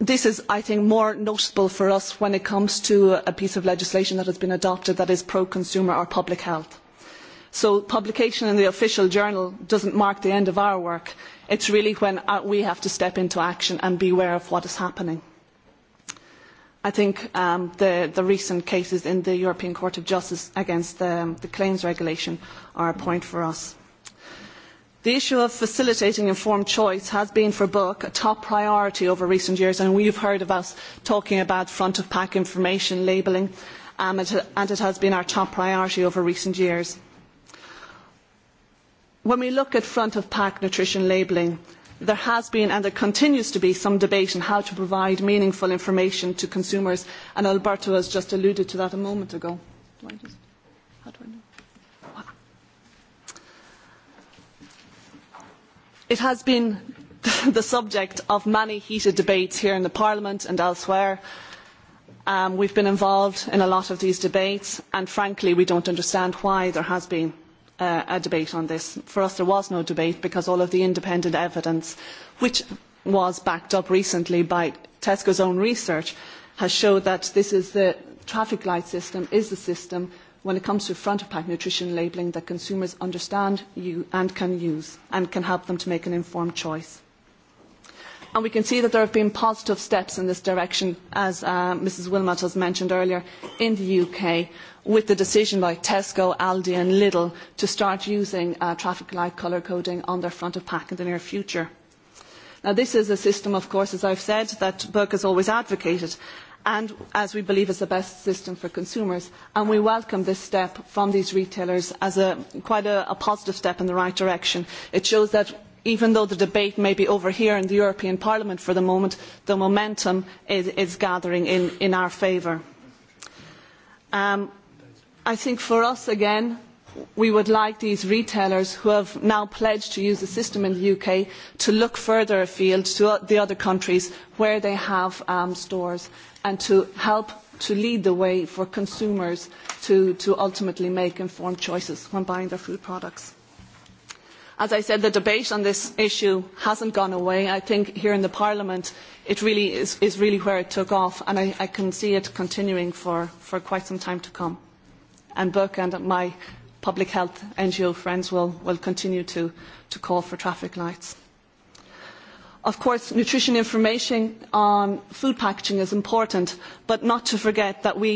this is, I think, more noticeable for us when it comes to a piece of legislation that has been adopted that is pro-consumer or public health. So publication in the official journal does not mark the end of our work. it is really when we have to step into action and be aware of what is happening. I think the recent cases in the European Court of Justice against the Claims Regulation are a point for us. The issue of facilitating informed choice has been for book a top priority over recent years and we have heard of us talking about front of pack information labelling and it has been our top priority over recent years. When we look at front of pack nutrition labelling, there has been and there continues to be some debate on how to provide meaningful information to consumers and alberto has just alluded to that a moment ago. it has been the subject of many heated debates here in parliament and elsewhere. we have been involved in a lot of these debates and frankly we do not understand why there has been a debate on this. For us there was no debate because all of the independent evidence, which was backed up recently by Tesco's own research, has showed that this is the traffic light system is the system when it comes to front of pack nutrition labelling that consumers understand and can use and can help them to make an informed choice and we can see that there have been positive steps in this direction as mrs willmott has mentioned earlier in the uk with the decision by tesco aldi and lidl to start using traffic light colour coding on their front of pack in the near future. this is a system of course as i have said that burke has always advocated and as we believe is the best system for consumers and we welcome this step from these retailers as quite a positive step in the right direction. it shows that even though the debate may be over here in the European Parliament for the moment, the momentum is gathering in our favour. I think for us, again, we would like these retailers who have now pledged to use the system in the UK to look further afield to the other countries where they have stores and to help to lead the way for consumers to ultimately make informed choices when buying their food products as i said the debate on this issue has not gone away. i think here in parliament it really is really where it took off and i can see it continuing for quite some time to come. and Book and my public health ngo friends will continue to call for traffic lights. of course nutrition information on food packaging is important but not to forget that we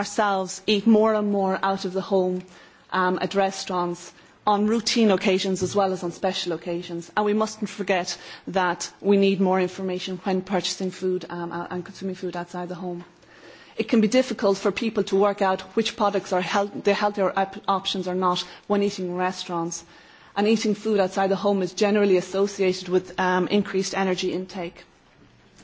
ourselves eat more and more out of the home at restaurants on routine occasions as well as on special occasions and we must not forget that we need more information when purchasing food and consuming food outside the home. It can be difficult for people to work out which products are the healthier options or not when eating in restaurants and eating food outside the home is generally associated with increased energy intake.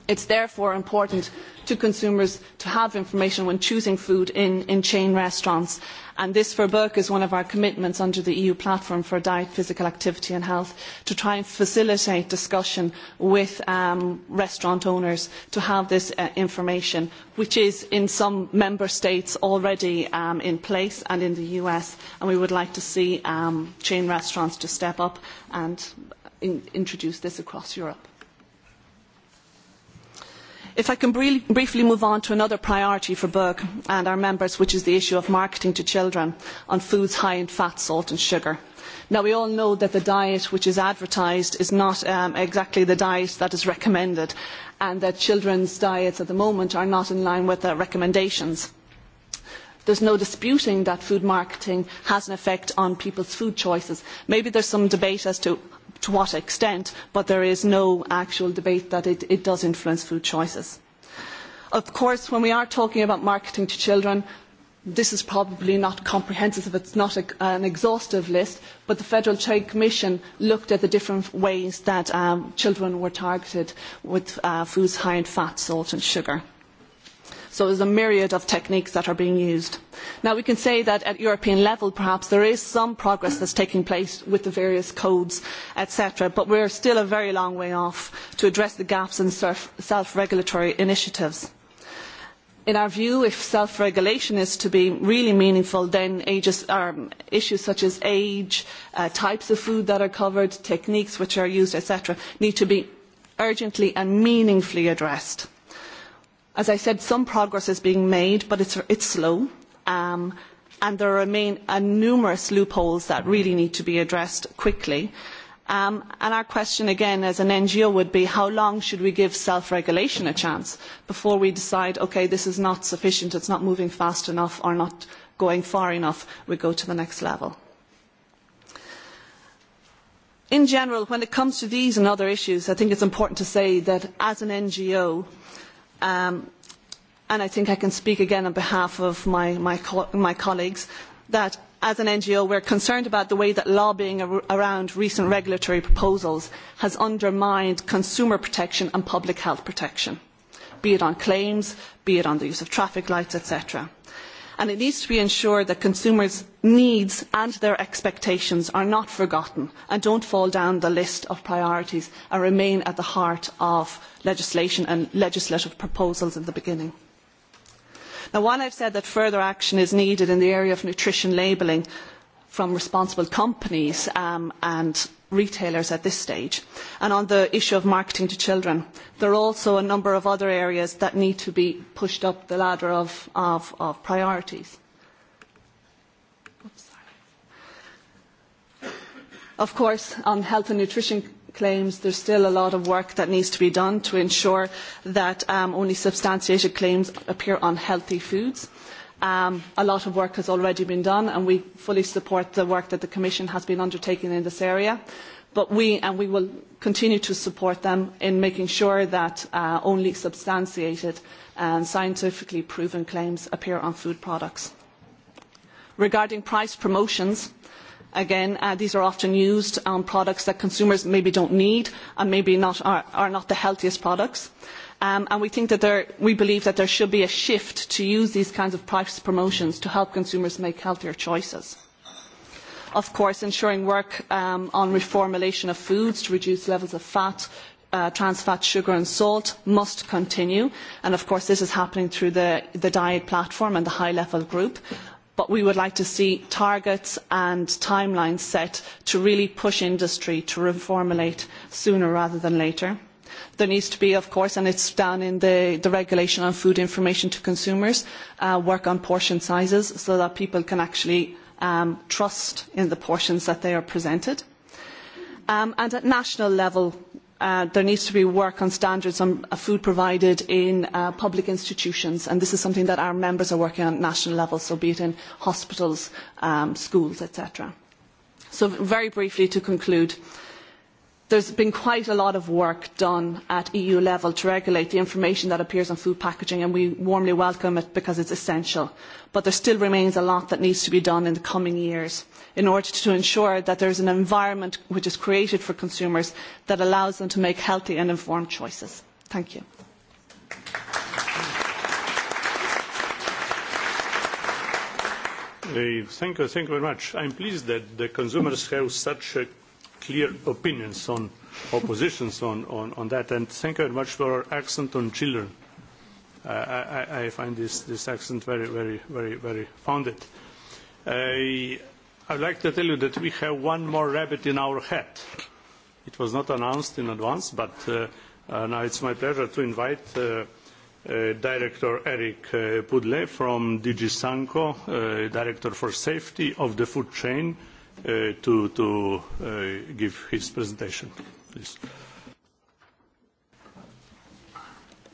It is therefore important to consumers to have information when choosing food in chain restaurants, and this for Burke is one of our commitments under the EU platform for diet, physical activity and health, to try and facilitate discussion with restaurant owners to have this information, which is in some member states already in place and in the US, and we would like to see chain restaurants to step up and introduce this across Europe. If I can briefly move on to another priority for Burke and our members, which is the issue of marketing to children on foods high in fat, salt and sugar. Now, we all know that the diet which is advertised is not exactly the diet that is recommended and that children's diets at the moment are not in line with the recommendations. There is no disputing that food marketing has an effect on people's food choices. Maybe there is some debate as to to what extent, but there is no actual debate that it does influence food choices. Of course, when we are talking about marketing to children, this is probably not comprehensive, it's not an exhaustive list, but the Federal Trade Commission looked at the different ways that children were targeted with foods high in fat, salt and sugar. So there is a myriad of techniques that are being used. Now we can say that at European level perhaps there is some progress that's taking place with the various codes, etc. But we are still a very long way off to address the gaps in self-regulatory initiatives. In our view, if self-regulation is to be really meaningful, then issues such as age, types of food that are covered, techniques which are used, etc., need to be urgently and meaningfully addressed. As I said, some progress is being made, but it's slow, and there remain numerous loopholes that really need to be addressed quickly. And our question again as an NGO would be how long should we give self-regulation a chance before we decide, okay, this is not sufficient, it's not moving fast enough or not going far enough, we go to the next level. In general, when it comes to these and other issues, I think it's important to say that as an NGO, and I think I can speak again on behalf of my colleagues, that as an NGO we are concerned about the way that lobbying around recent regulatory proposals has undermined consumer protection and public health protection, be it on claims, be it on the use of traffic lights, etc and it needs to be ensured that consumers' needs and their expectations are not forgotten and do not fall down the list of priorities and remain at the heart of legislation and legislative proposals at the beginning. while i have said that further action is needed in the area of nutrition labelling from responsible companies and retailers at this stage. And on the issue of marketing to children, there are also a number of other areas that need to be pushed up the ladder of priorities. Of course, on health and nutrition claims, there is still a lot of work that needs to be done to ensure that only substantiated claims appear on healthy foods A lot of work has already been done and we fully support the work that the Commission has been undertaking in this area. But we and we will continue to support them in making sure that only substantiated and scientifically proven claims appear on food products. Regarding price promotions, again, these are often used on products that consumers maybe don't need and maybe are not the healthiest products and we think that we believe that there should be a shift to use these kinds of price promotions to help consumers make healthier choices. Of course, ensuring work on reformulation of foods to reduce levels of fat, trans fat, sugar and salt must continue, and of course this is happening through the diet platform and the high level group. But we would like to see targets and timelines set to really push industry to reformulate sooner rather than later. There needs to be, of course, and it's done in the regulation on food information to consumers, work on portion sizes so that people can actually trust in the portions that they are presented. And at national level, there needs to be work on standards on food provided in public institutions, and this is something that our members are working on at national level, so be it in hospitals, schools, etc. So very briefly to conclude There's been quite a lot of work done at EU level to regulate the information that appears on food packaging and we warmly welcome it because it's essential. But there still remains a lot that needs to be done in the coming years in order to ensure that there is an environment which is created for consumers that allows them to make healthy and informed choices. Thank you. Thank you very much. I'm pleased that the consumers have such a clear opinions on oppositions positions on that. And thank you very much for our accent on children. I find this this accent very, very, very, very founded. I would like to tell you that we have one more rabbit in our hat. It was not announced in advance, but now it's my pleasure to invite Director Eric Pudle from DG Director for Safety of the Food Chain to give his presentation. Please.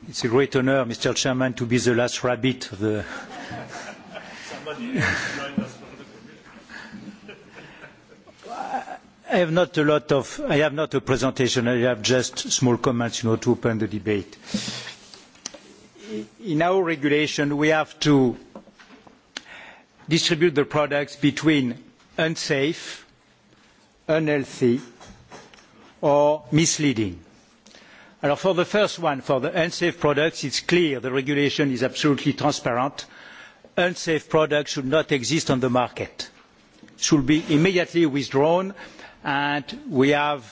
It's a great honor, Mr. Chairman, to be the last rabbit of the. I have not a lot of. I have not a presentation. I have just small comments, to open the debate. In our regulation, we have to distribute the products between unsafe, unhealthy or misleading. For the first one, for the unsafe products, it's clear the regulation is absolutely transparent. Unsafe products should not exist on the market, should be immediately withdrawn, and we have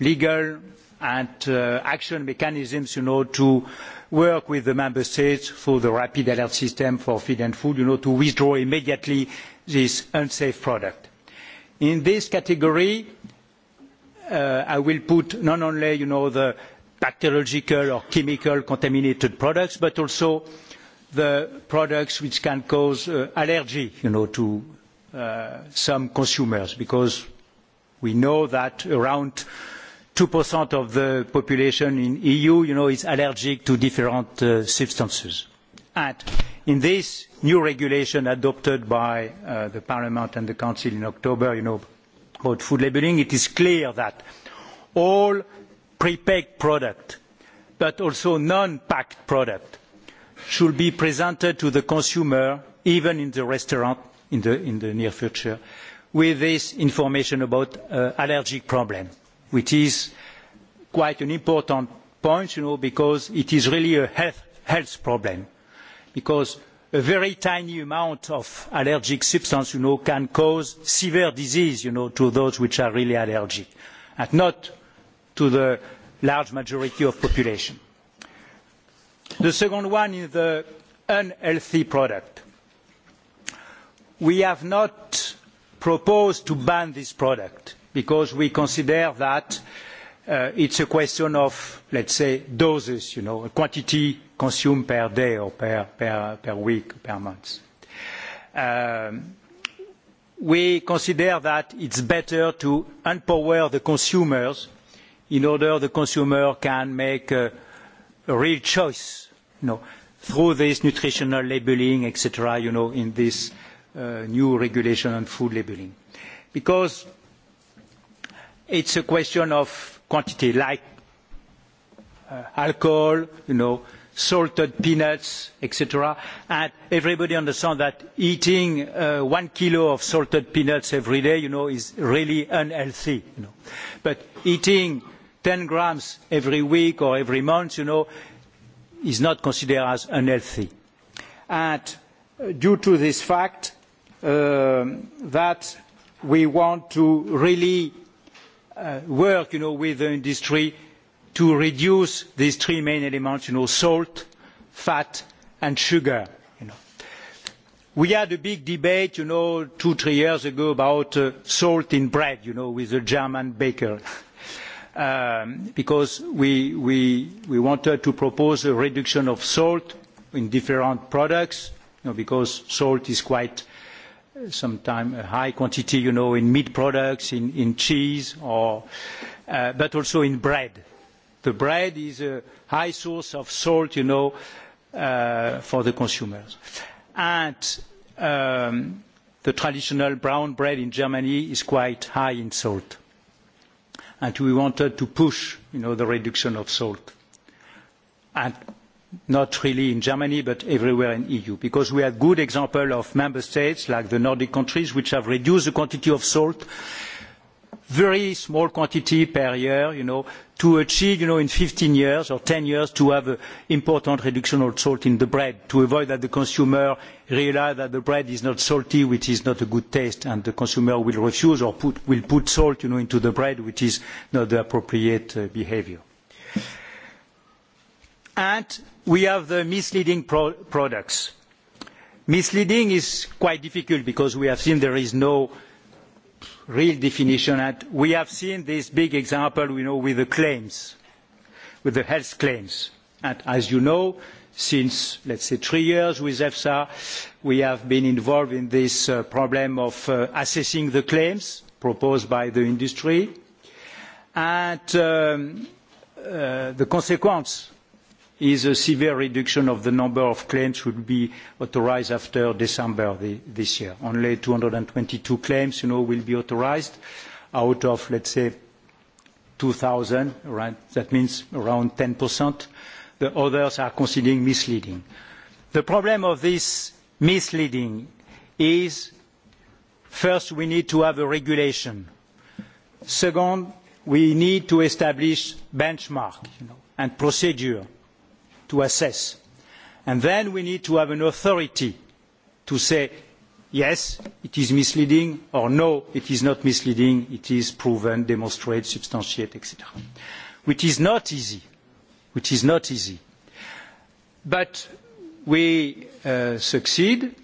legal and action mechanisms, know, to work with the member states through the rapid alert system for feed and food, you to withdraw immediately This unsafe product. In this category, I will put not only the bacteriological or chemical contaminated products, but also the products which can cause allergy to some consumers, because we know that around 2% of the population in the EU is allergic to different substances. And in this new regulation adopted by parliament and the council in october about food labelling it is clear that all prepacked products but also non packed products should be presented to the consumer even in the restaurant in the near future with this information about allergic problems, which is quite an important point because it is really a health problem because a very tiny amount of allergic substance you know, can cause severe disease to those which are really allergic and not to the large majority of population. The second one is the unhealthy product. We have not proposed to ban this product because we consider that It's a question of, let's say, doses, you know, quantity consumed per day or per week, per month. We consider that it's better to empower the consumers in order the consumer can make a real choice, you know, through this nutritional labelling, etc., you know, in this new regulation on food labeling. Because it's a question of quantity like alcohol, you know, salted peanuts, etc. And everybody understands that eating one kilo of salted peanuts every day, you know, is really unhealthy. But eating 10 grams every week or every month, you know, is not considered as unhealthy. And due to this fact that we want to really work with the industry to reduce these three main elements salt fat and sugar. we had a big debate two three years ago about salt in bread with the german baker because we wanted to propose a reduction of salt in different products because salt is quite sometimes a high quantity, you know, in meat products, in cheese, but also in bread. The bread is a high source of salt, you know, for the consumers. And the traditional brown bread in Germany is quite high in salt. And we wanted to push, you know, the reduction of salt. And not really in Germany but everywhere in the EU, because we have good examples of member states like the Nordic countries which have reduced the quantity of salt, very small quantity per year, to achieve in 15 years or 10 years to have an important reduction of salt in the bread, to avoid that the consumer realises that the bread is not salty, which is not a good taste, and the consumer will refuse or will put salt into the bread, which is not the appropriate behaviour and we have the misleading products. misleading is quite difficult because we have seen there is no real definition and we have seen this big example know with the claims with the health claims and as you know since let's say three years with efsa we have been involved in this problem of assessing the claims proposed by the industry and the consequence is a severe reduction of the number of claims will be authorised after December this year. Only 222 claims, you know, will be authorised out of, let's say, 2,000, That means around 10%. The others are considered misleading. The problem of this misleading is, first, we need to have a regulation. Second, we need to establish benchmark and procedure to assess. And then we need to have an authority to say yes, it is misleading or no, it is not misleading, it is proven, demonstrated, substantiated, etc. Which is not easy. Which is not easy. But we succeed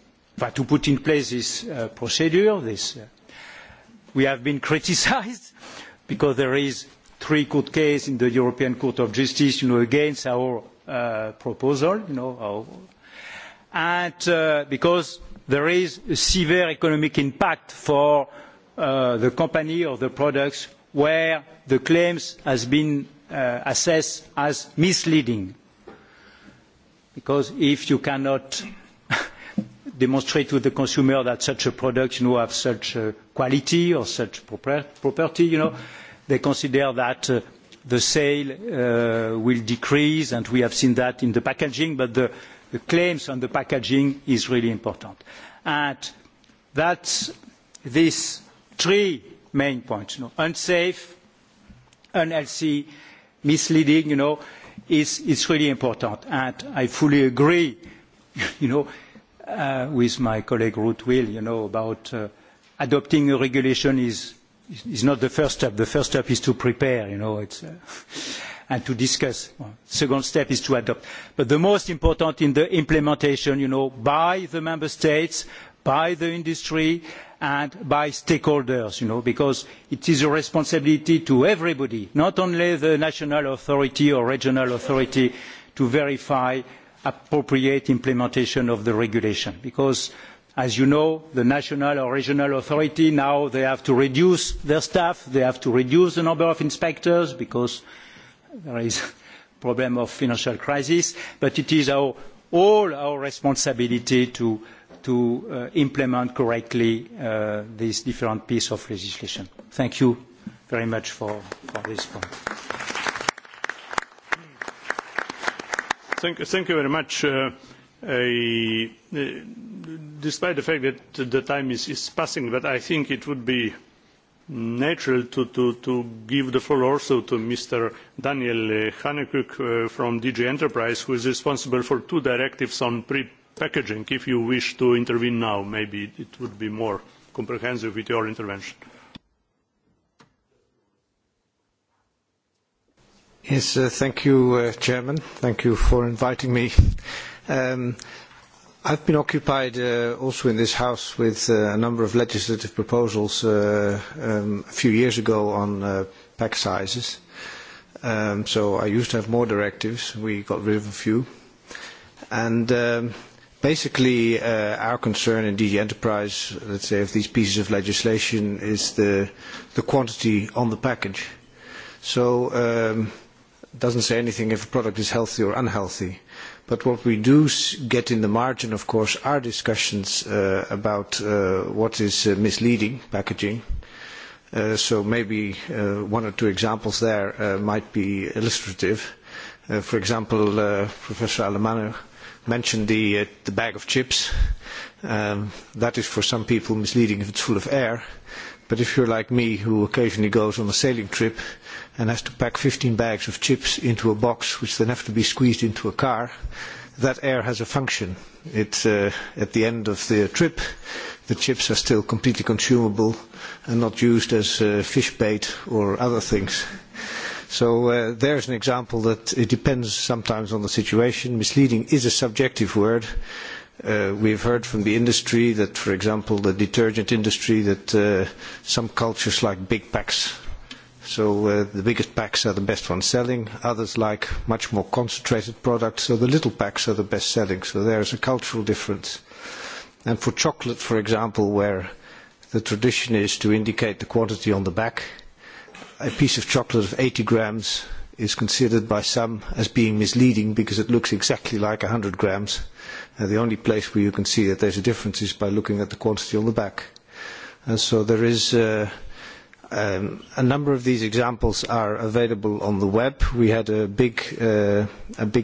to put in place this procedure. We have been criticised because there is three court cases in the European Court of Justice against our proposal, you know, and because there is a severe economic impact for the company or the products where the claims has been assessed as misleading. Because if you cannot demonstrate to the consumer that such a product have such quality or such property, you know, they consider that the sale will decrease, and we have seen that in the packaging, but the claims on the packaging is really important. And that's these three main points. Unsafe, unhealthy, misleading, you know, is really important. And I fully agree, you know, with my colleague Ruth Will, you know, about adopting a regulation is is not the first step. The first step is to prepare, you know, and to discuss. Second step is to adopt. But the most important in the implementation, you know, by the member states, by the industry, and by stakeholders, you know, because it is a responsibility to everybody, not only the national authority or regional authority, to verify appropriate implementation of the regulation, because As you know, the national or regional authority now they have to reduce their staff, they have to reduce the number of inspectors because there is a problem of financial crisis. But it is all our responsibility to implement correctly this different piece of legislation. Thank you very much for this point. Thank you very much despite the fact that the time is passing, but I think it would be natural to give the floor also to Mr. Daniel Hanekuk from DG Enterprise, who is responsible for two directives on pre-packaging. If you wish to intervene now, maybe it would be more comprehensive with your intervention. Yes, thank you, Chairman. Thank you for inviting me I've been occupied also in this House with a number of legislative proposals a few years ago on pack sizes. So I used to have more directives. We got rid of a few. And basically our concern in DG Enterprise, let's say, of these pieces of legislation is the quantity on the package. So it doesn't say anything if a product is healthy or unhealthy But what we do get in the margin, of course, are discussions about what is misleading packaging. So maybe one or two examples there might be illustrative. For example, Professor Alemano mentioned the bag of chips. That is for some people misleading if it's full of air But if you're like me, who occasionally goes on a sailing trip and has to pack 15 bags of chips into a box, which then have to be squeezed into a car, that air has a function. At the end of the trip, the chips are still completely consumable and not used as fish bait or other things. So there's an example that it depends sometimes on the situation. Misleading is a subjective word We have heard from the industry that, for example, the detergent industry, that some cultures like big packs. So the biggest packs are the best ones selling. Others like much more concentrated products. So the little packs are the best selling. So there is a cultural difference. And for chocolate, for example, where the tradition is to indicate the quantity on the back, a piece of chocolate of 80 grams is considered by some as being misleading because it looks exactly like 100 grams. The only place where you can see that there's a difference is by looking at the quantity on the back. So there is a number of these examples are available on the web. We had a big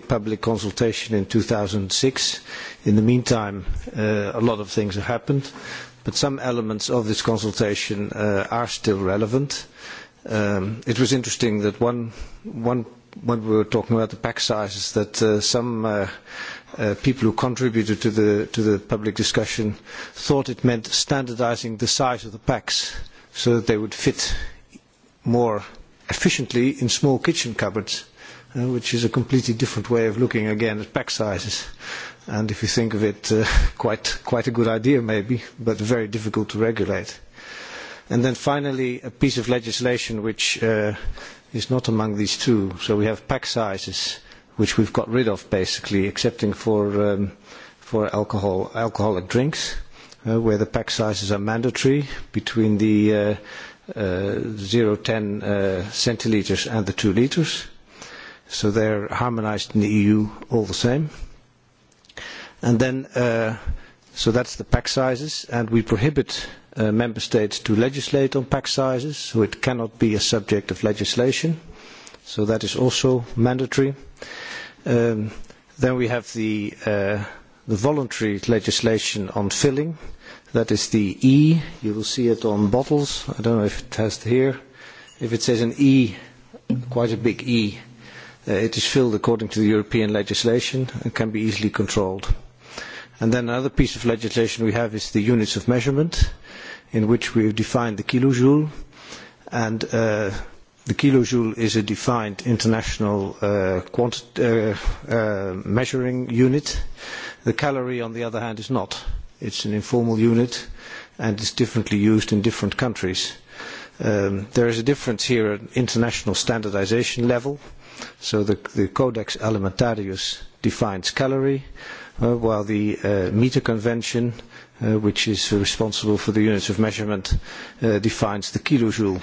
public consultation in 2006. In the meantime, a lot of things have happened, but some elements of this consultation are still relevant It was interesting that when we were talking about the pack sizes that some people who contributed to the public discussion thought it meant standardising the size of the packs so that they would fit more efficiently in small kitchen cupboards, which is a completely different way of looking again at pack sizes. And if you think of it, quite a good idea maybe, but very difficult to regulate. And then finally, a piece of legislation which is not among these two. So we have pack sizes, which we've got rid of basically, excepting for alcoholic drinks, where the pack sizes are mandatory between the 0.10 centiliters and the 2 litres. So they're harmonized in the EU all the same. And then, so that's the pack sizes, and we prohibit member states to legislate on pack sizes, so it cannot be a subject of legislation. So that is also mandatory. Then we have the voluntary legislation on filling. That is the E. You will see it on bottles. I don't know if it has here. If it says an E, quite a big E, it is filled according to the European legislation and can be easily controlled. And then another piece of legislation we have is the units of measurement in which we have defined the kilojoule, and the kilojoule is a defined international measuring unit. The calorie, on the other hand, is not. It's an informal unit, and is differently used in different countries. There is a difference here at international standardization level. So the Codex Alimentarius defines calorie, while the meter Convention which is responsible for the units of measurement, defines the kilojoule.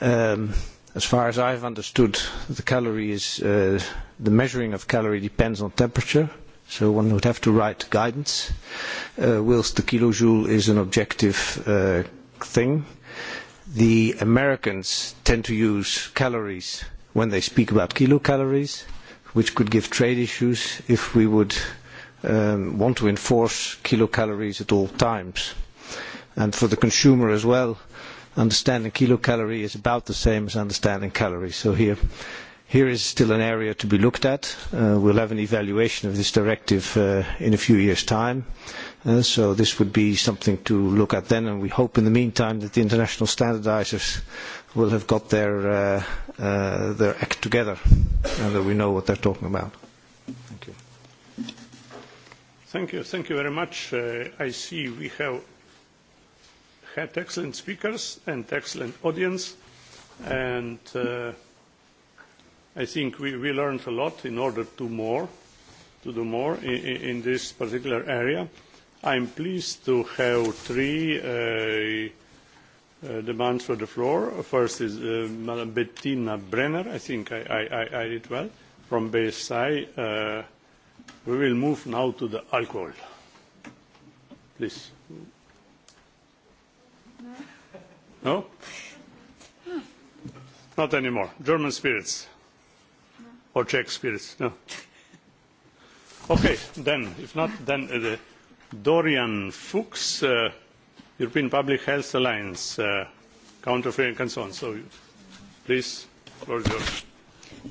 As far as I've understood, the calorie is the measuring of calorie depends on temperature, so one would have to write guidance, whilst the kilojoule is an objective thing. The Americans tend to use calories when they speak about kilocalories, which could give trade issues if we would want to enforce kilocalories at all times. And for the consumer as well, understanding kilocalorie is about the same as understanding calories. So here is still an area to be looked at. We'll have an evaluation of this directive in a few years' time. So this would be something to look at then, and we hope in the meantime that the international standardisers will have got their act together and that we know what they're talking about. Thank you. Thank you very much. I see we have had excellent speakers and excellent audience, and I think we learned a lot in order to do more in this particular area. I'm pleased to have three demands for the floor. First is Madam Bettina Brenner, I think I did well, from BSI We will move now to the alcohol. Please. No? Not anymore. German spirits. Or Czech spirits. No. Okay, then. If not, then the Dorian Fuchs, European Public Health Alliance, counterfeiting and so on. So, please, floor is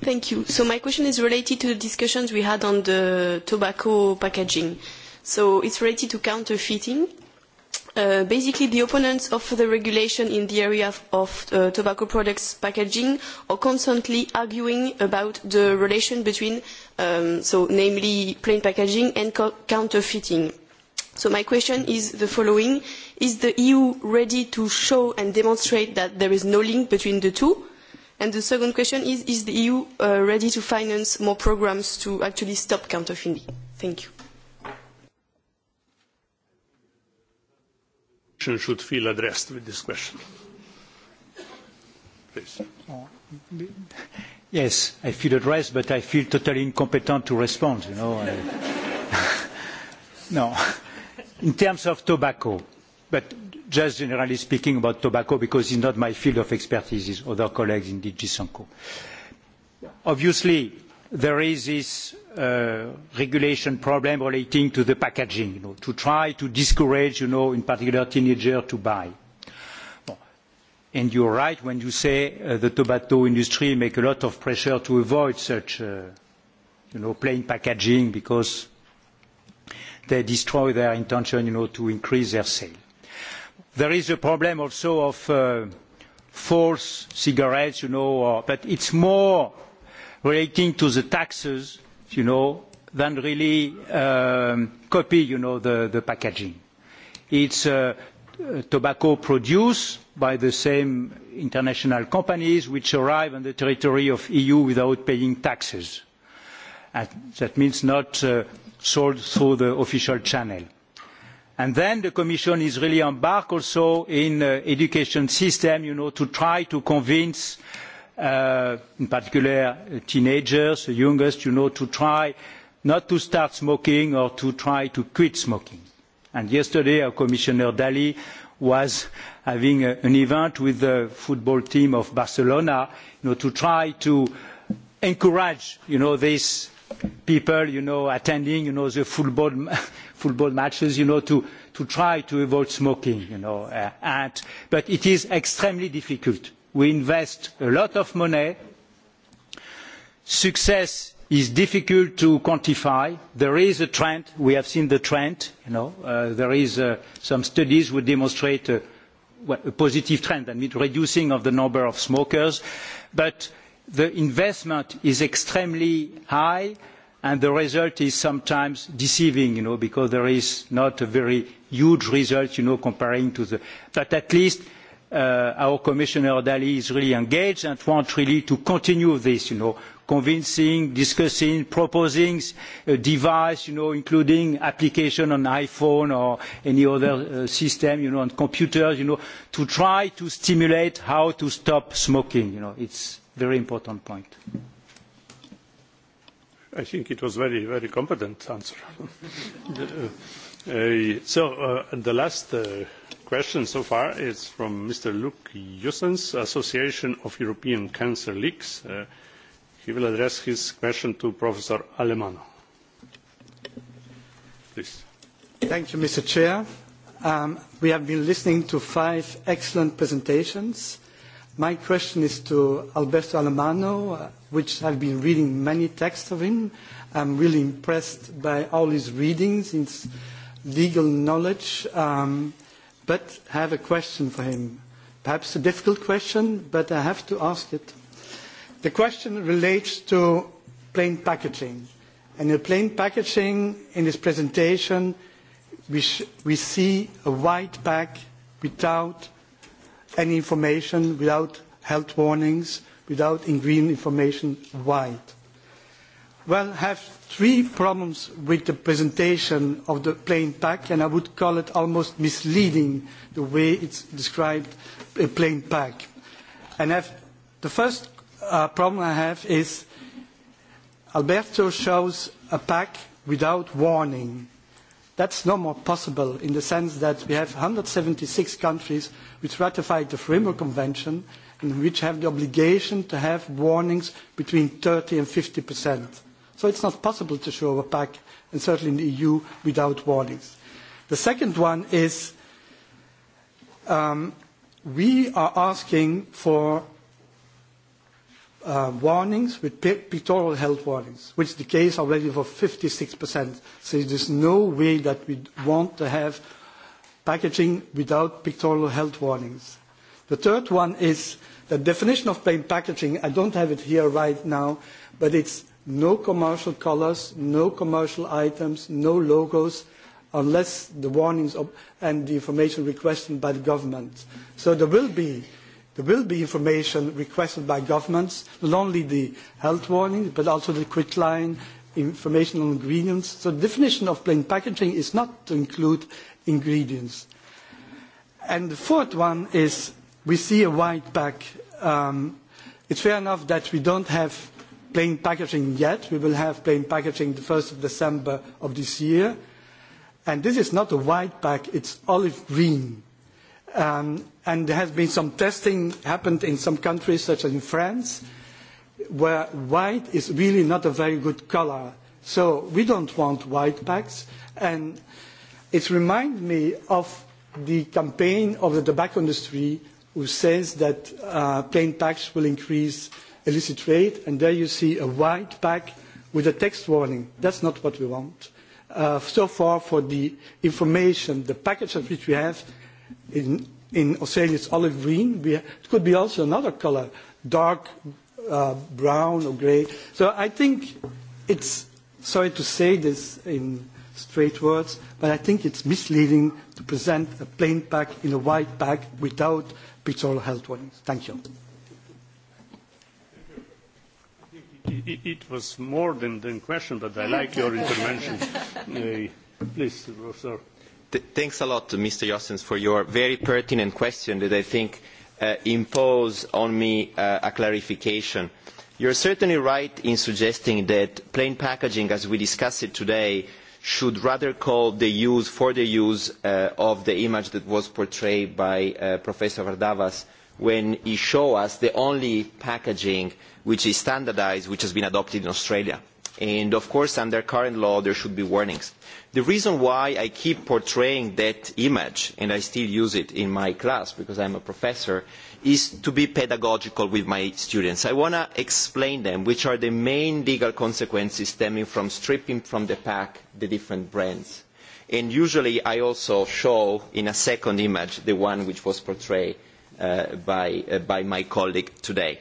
Thank you. So my question is related to the discussions we had on the tobacco packaging. So it's related to counterfeiting. Basically, the opponents of the regulation in the area of tobacco products packaging are constantly arguing about the relation between, so namely plain packaging and counterfeiting. So my question is the following. Is the EU ready to show and demonstrate that there is no link between the two? And the second question is, is the EU ready to finance more programs to actually stop counterfeiting? Thank you. Should feel addressed with this question. Please. Yes, I feel addressed, but I feel totally incompetent to respond. You know. No. In terms of tobacco, but just generally speaking about tobacco because it's not my field of expertise, it's other colleagues in DG Obviously, there is this regulation problem relating to the packaging, to try to discourage, in particular, teenagers to buy. And you're right when you say the tobacco industry make a lot of pressure to avoid such plain packaging because they destroy their intention to increase their sale. There is a problem also of false cigarettes, you know, but it's more relating to the taxes, you know, than really copy, you know, the packaging. It's tobacco produced by the same international companies which arrive on the territory of EU without paying taxes. That means not sold through the official channel. And then the Commission is really embarked also in the education system, you know, to try to convince, in particular teenagers, the youngest, you know, to try not to start smoking or to try to quit smoking. And yesterday our Commissioner Dalli was having an event with the football team of Barcelona, you to try to encourage, you know, these people, you know, attending, you know, the football football matches, you know, to try to avoid smoking, you know. But it is extremely difficult. We invest a lot of money. Success is difficult to quantify. There is a trend. We have seen the trend, you know. There is some studies which demonstrate a positive trend, means reducing of the number of smokers. But the investment is extremely high and the result is sometimes deceiving you know, because there is not a very huge result you know, comparing to the but at least our commissioner dalli is really engaged and wants really to continue this you know, convincing discussing proposing a device you know, including application on iphone or any other system you know, on computers you know, to try to stimulate how to stop smoking. you know, it's a very important point. I think it was very, very competent answer. So the last question so far is from Mr. Luke Jussens, Association of European Cancer Leagues. He will address his question to Professor Alemano. Please. Thank you, Mr. Chair. We have been listening to five excellent presentations. My question is to Alberto Alemano which I've been reading many texts of him. I'm really impressed by all his readings, his legal knowledge, but I have a question for him. Perhaps a difficult question, but I have to ask it. The question relates to plain packaging. And in plain packaging, in this presentation, we see a white pack without any information, without health warnings, without green information wide. Well, I have three problems with the presentation of the plain pack, and I would call it almost misleading the way it's described a plain pack. And the first problem I have is Alberto shows a pack without warning. That's no more possible in the sense that we have 176 countries which ratified the Framework Convention and which have the obligation to have warnings between 30 and 50 So it's not possible to show a pack, and certainly in the EU, without warnings. The second one is we are asking for warnings with pictorial health warnings, which is the case already for 56%. So there is no way that we want to have packaging without pictorial health warnings. The third one is the definition of plain packaging. I don't have it here right now, but it's no commercial colours, no commercial items, no logos, unless the warnings and the information requested by the government. So there will be information requested by governments, not only the health warnings, but also the quick line, information on ingredients. So the definition of plain packaging is not to include ingredients. And the fourth one is we see a white pack. It's fair enough that we don't have plain packaging yet. We will have plain packaging the 1st of December of this year. And this is not a white pack, it's olive green. And there has been some testing happened in some countries, such as in France, where white is really not a very good color. So we don't want white packs. And it reminds me of the campaign of the tobacco industry who says that plain tax will increase illicit trade, and there you see a white pack with a text warning. That's not what we want. So far for the information, the package of which we have in Australia is olive green. It could be also another colour, dark brown or grey. So I think it's, sorry to say this in straight words, but I think it's misleading to present a plain pack in a white pack without pictorial health warnings. Thank you. It was more than a question, but I like your intervention. Please, Professor. Thanks a lot, Mr. Jossens, for your very pertinent question that I think impose on me a clarification. You're certainly right in suggesting that plain packaging, as we discuss it today, should rather call the use for the use of the image that was portrayed by Professor Vardavas when he showed us the only packaging which is standardised, which has been adopted in Australia and of course under current law there should be warnings. the reason why i keep portraying that image and i still use it in my class because i am a professor is to be pedagogical with my students. i want to explain to them which are the main legal consequences stemming from stripping from the pack the different brands and usually i also show in a second image the one which was portrayed by my colleague today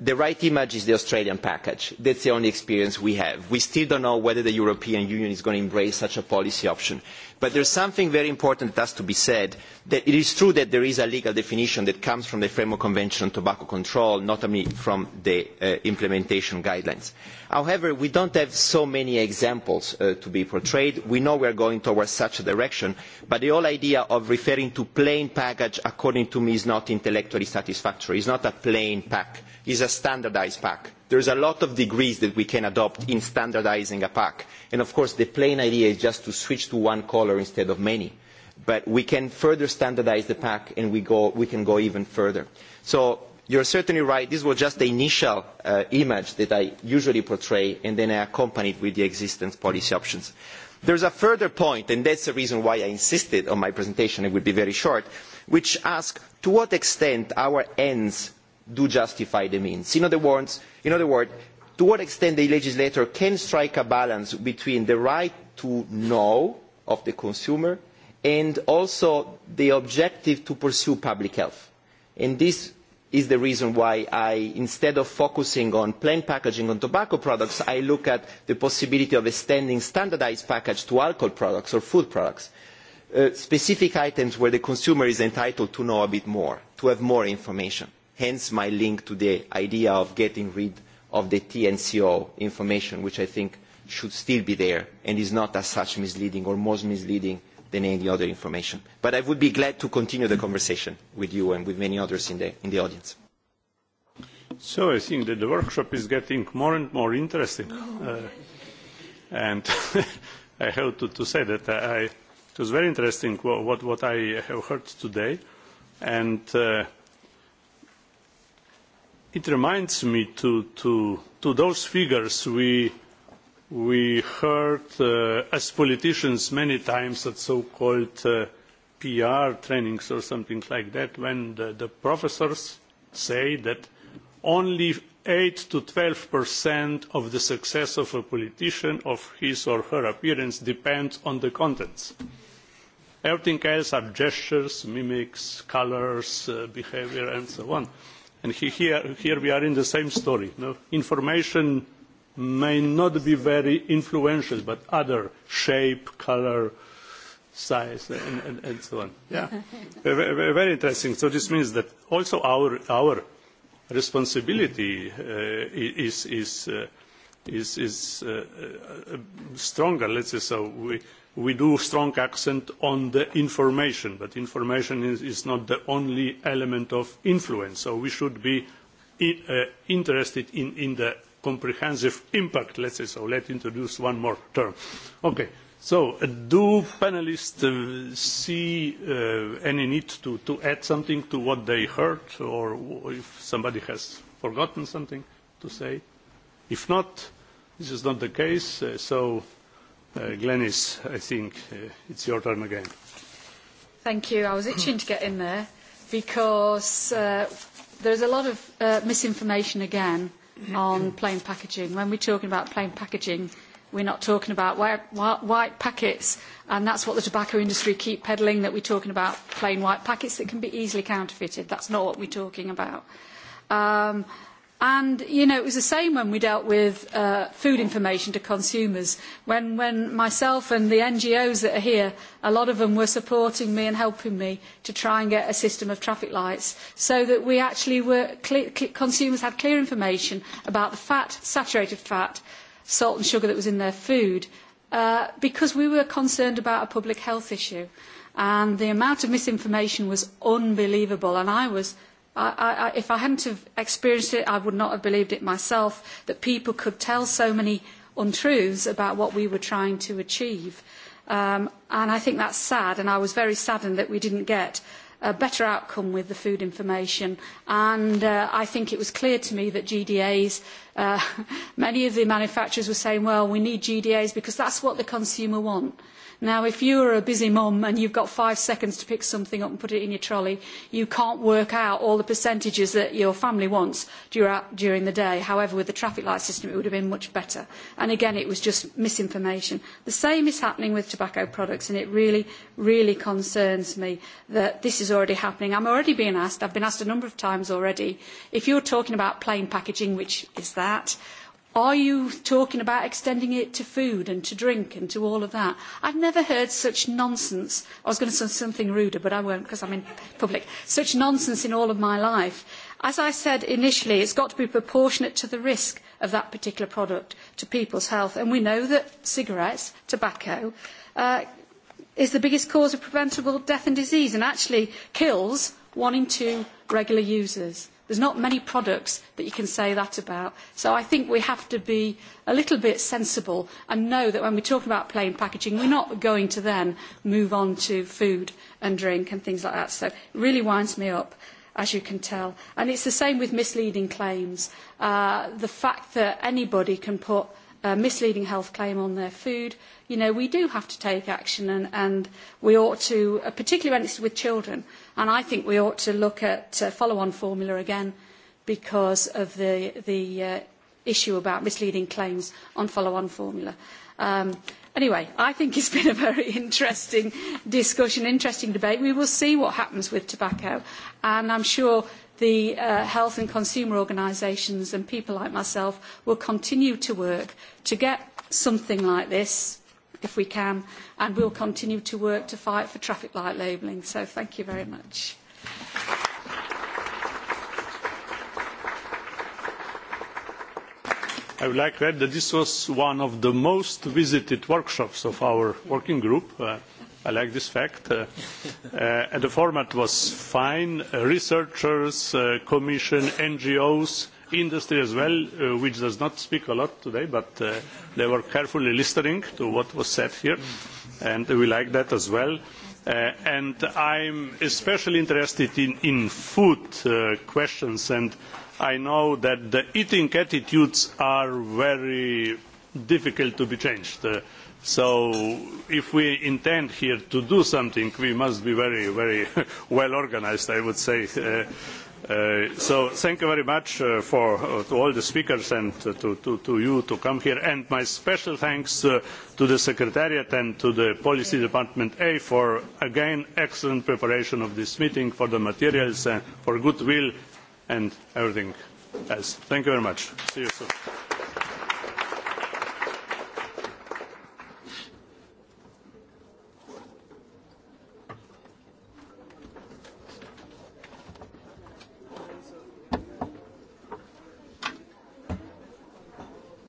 the right image is the Australian package. That is the only experience we have. We still don't know whether the European Union is going to embrace such a policy option. But there is something very important that has to be said, that it is true that there is a legal definition that comes from the Framework Convention on Tobacco Control, not only from the implementation guidelines. However, we don't have so many examples to be portrayed. We know we are going towards such a direction, but the whole idea of referring to plain package, according to me, is not intellectually satisfactory. It is not a plain pack, it is a standardised pack There is a lot of degrees that we can adopt in standardising a pack, and of course the plain idea is just to switch to one colour instead of many. But we can further standardise the pack and we can go even further. So you are certainly right. This was just the initial image that I usually portray, and then I accompanied with the existing policy options. There is a further point, and that's the reason why I insisted on my presentation. It would be very short, which asks to what extent our ends do justify the means. In other words, to what extent the legislator can strike a balance between the right to know of the consumer and also the objective to pursue public health. And this is the reason why I, instead of focusing on plain packaging on tobacco products, I look at the possibility of extending standardised package to alcohol products or food products, specific items where the consumer is entitled to know a bit more, to have more information hence my link to the idea of getting rid of the TNCO information, which I think should still be there and is not as such misleading or more misleading than any other information. But I would be glad to continue the conversation with you and with many others in the audience. So I think that the workshop is getting more and more interesting. And I have to say that it was very interesting what I have heard today. And It reminds me to those figures we heard as politicians many times at so-called PR trainings or something like that, when the professors say that only 8 to 12% of the success of a politician, of his or her appearance, depends on the contents. Everything else are gestures, mimics, colors, behavior, and so on and here we are in the same story information may not be very influential but other shape color size and so on very interesting so this means that also our our responsibility is is is stronger let's say so we we do strong accent on the information, but information is not the only element of influence. So we should be interested in the comprehensive impact, let's say so. Let's introduce one more term. Okay. So do panelists see any need to add something to what they heard, or if somebody has forgotten something to say? If not, this is not the case. So. Glenis, I think it's your turn again. Thank you. I was itching to get in there because there is a lot of misinformation again on plain packaging. When we're talking about plain packaging, we're not talking about white packets, and that's what the tobacco industry keep peddling, that we're talking about plain white packets that can be easily counterfeited. That's not what we're talking about. And, you know, it was the same when we dealt with food information to consumers. When myself and the NGOs that are here, a lot of them were supporting me and helping me to try and get a system of traffic lights so that we actually were, consumers had clear information about the fat, saturated fat, salt and sugar that was in their food because we were concerned about a public health issue. And the amount of misinformation was unbelievable. And I was If I hadn't have experienced it, I would not have believed it myself, that people could tell so many untruths about what we were trying to achieve. And I think that's sad, and I was very saddened that we didn't get a better outcome with the food information. And I think it was clear to me that GDAs, many of the manufacturers were saying, well, we need GDAs because that's what the consumer wants. Now, if you are a busy mum and you've got five seconds to pick something up and put it in your trolley, you can't work out all the percentages that your family wants during the day. However, with the traffic light system, it would have been much better. And again, it was just misinformation. The same is happening with tobacco products, and it really, really concerns me that this is already happening. I'm already being asked, I've been asked a number of times already, if you're talking about plain packaging, which is that, Are you talking about extending it to food and to drink and to all of that? I've never heard such nonsense. I was going to say something ruder, but I won't because I'm in public. Such nonsense in all of my life. As I said initially, it's got to be proportionate to the risk of that particular product to people's health. And we know that cigarettes, tobacco, is the biggest cause of preventable death and disease and actually kills one in two regular users. There's not many products that you can say that about. So I think we have to be a little bit sensible and know that when we talk about plain packaging, we're not going to then move on to food and drink and things like that. So it really winds me up, as you can tell. And it's the same with misleading claims. The fact that anybody can put a misleading health claim on their food, you know, we do have to take action and we ought to, particularly when it's with children, and I think we ought to look at follow-on formula again because of the issue about misleading claims on follow-on formula. Anyway, I think it's been a very interesting discussion, interesting debate. We will see what happens with tobacco, and I'm sure the health and consumer organisations and people like myself will continue to work to get something like this if we can, and we'll continue to work to fight for traffic light labelling. So thank you very much. I would like to add that this was one of the most visited workshops of our working group. I like this fact. and The format was fine. Researchers, Commission, NGOs industry as well, which does not speak a lot today, but they were carefully listening to what was said here, and we like that as well. And I'm especially interested in food questions, and I know that the eating attitudes are very difficult to be changed. So if we intend here to do something, we must be very, very well organised, I would say So thank you very much for to all the speakers and to you to come here. And my special thanks to the Secretariat and to the Policy Department A for again excellent preparation of this meeting, for the materials, for goodwill and everything else. Thank you very much. See you soon.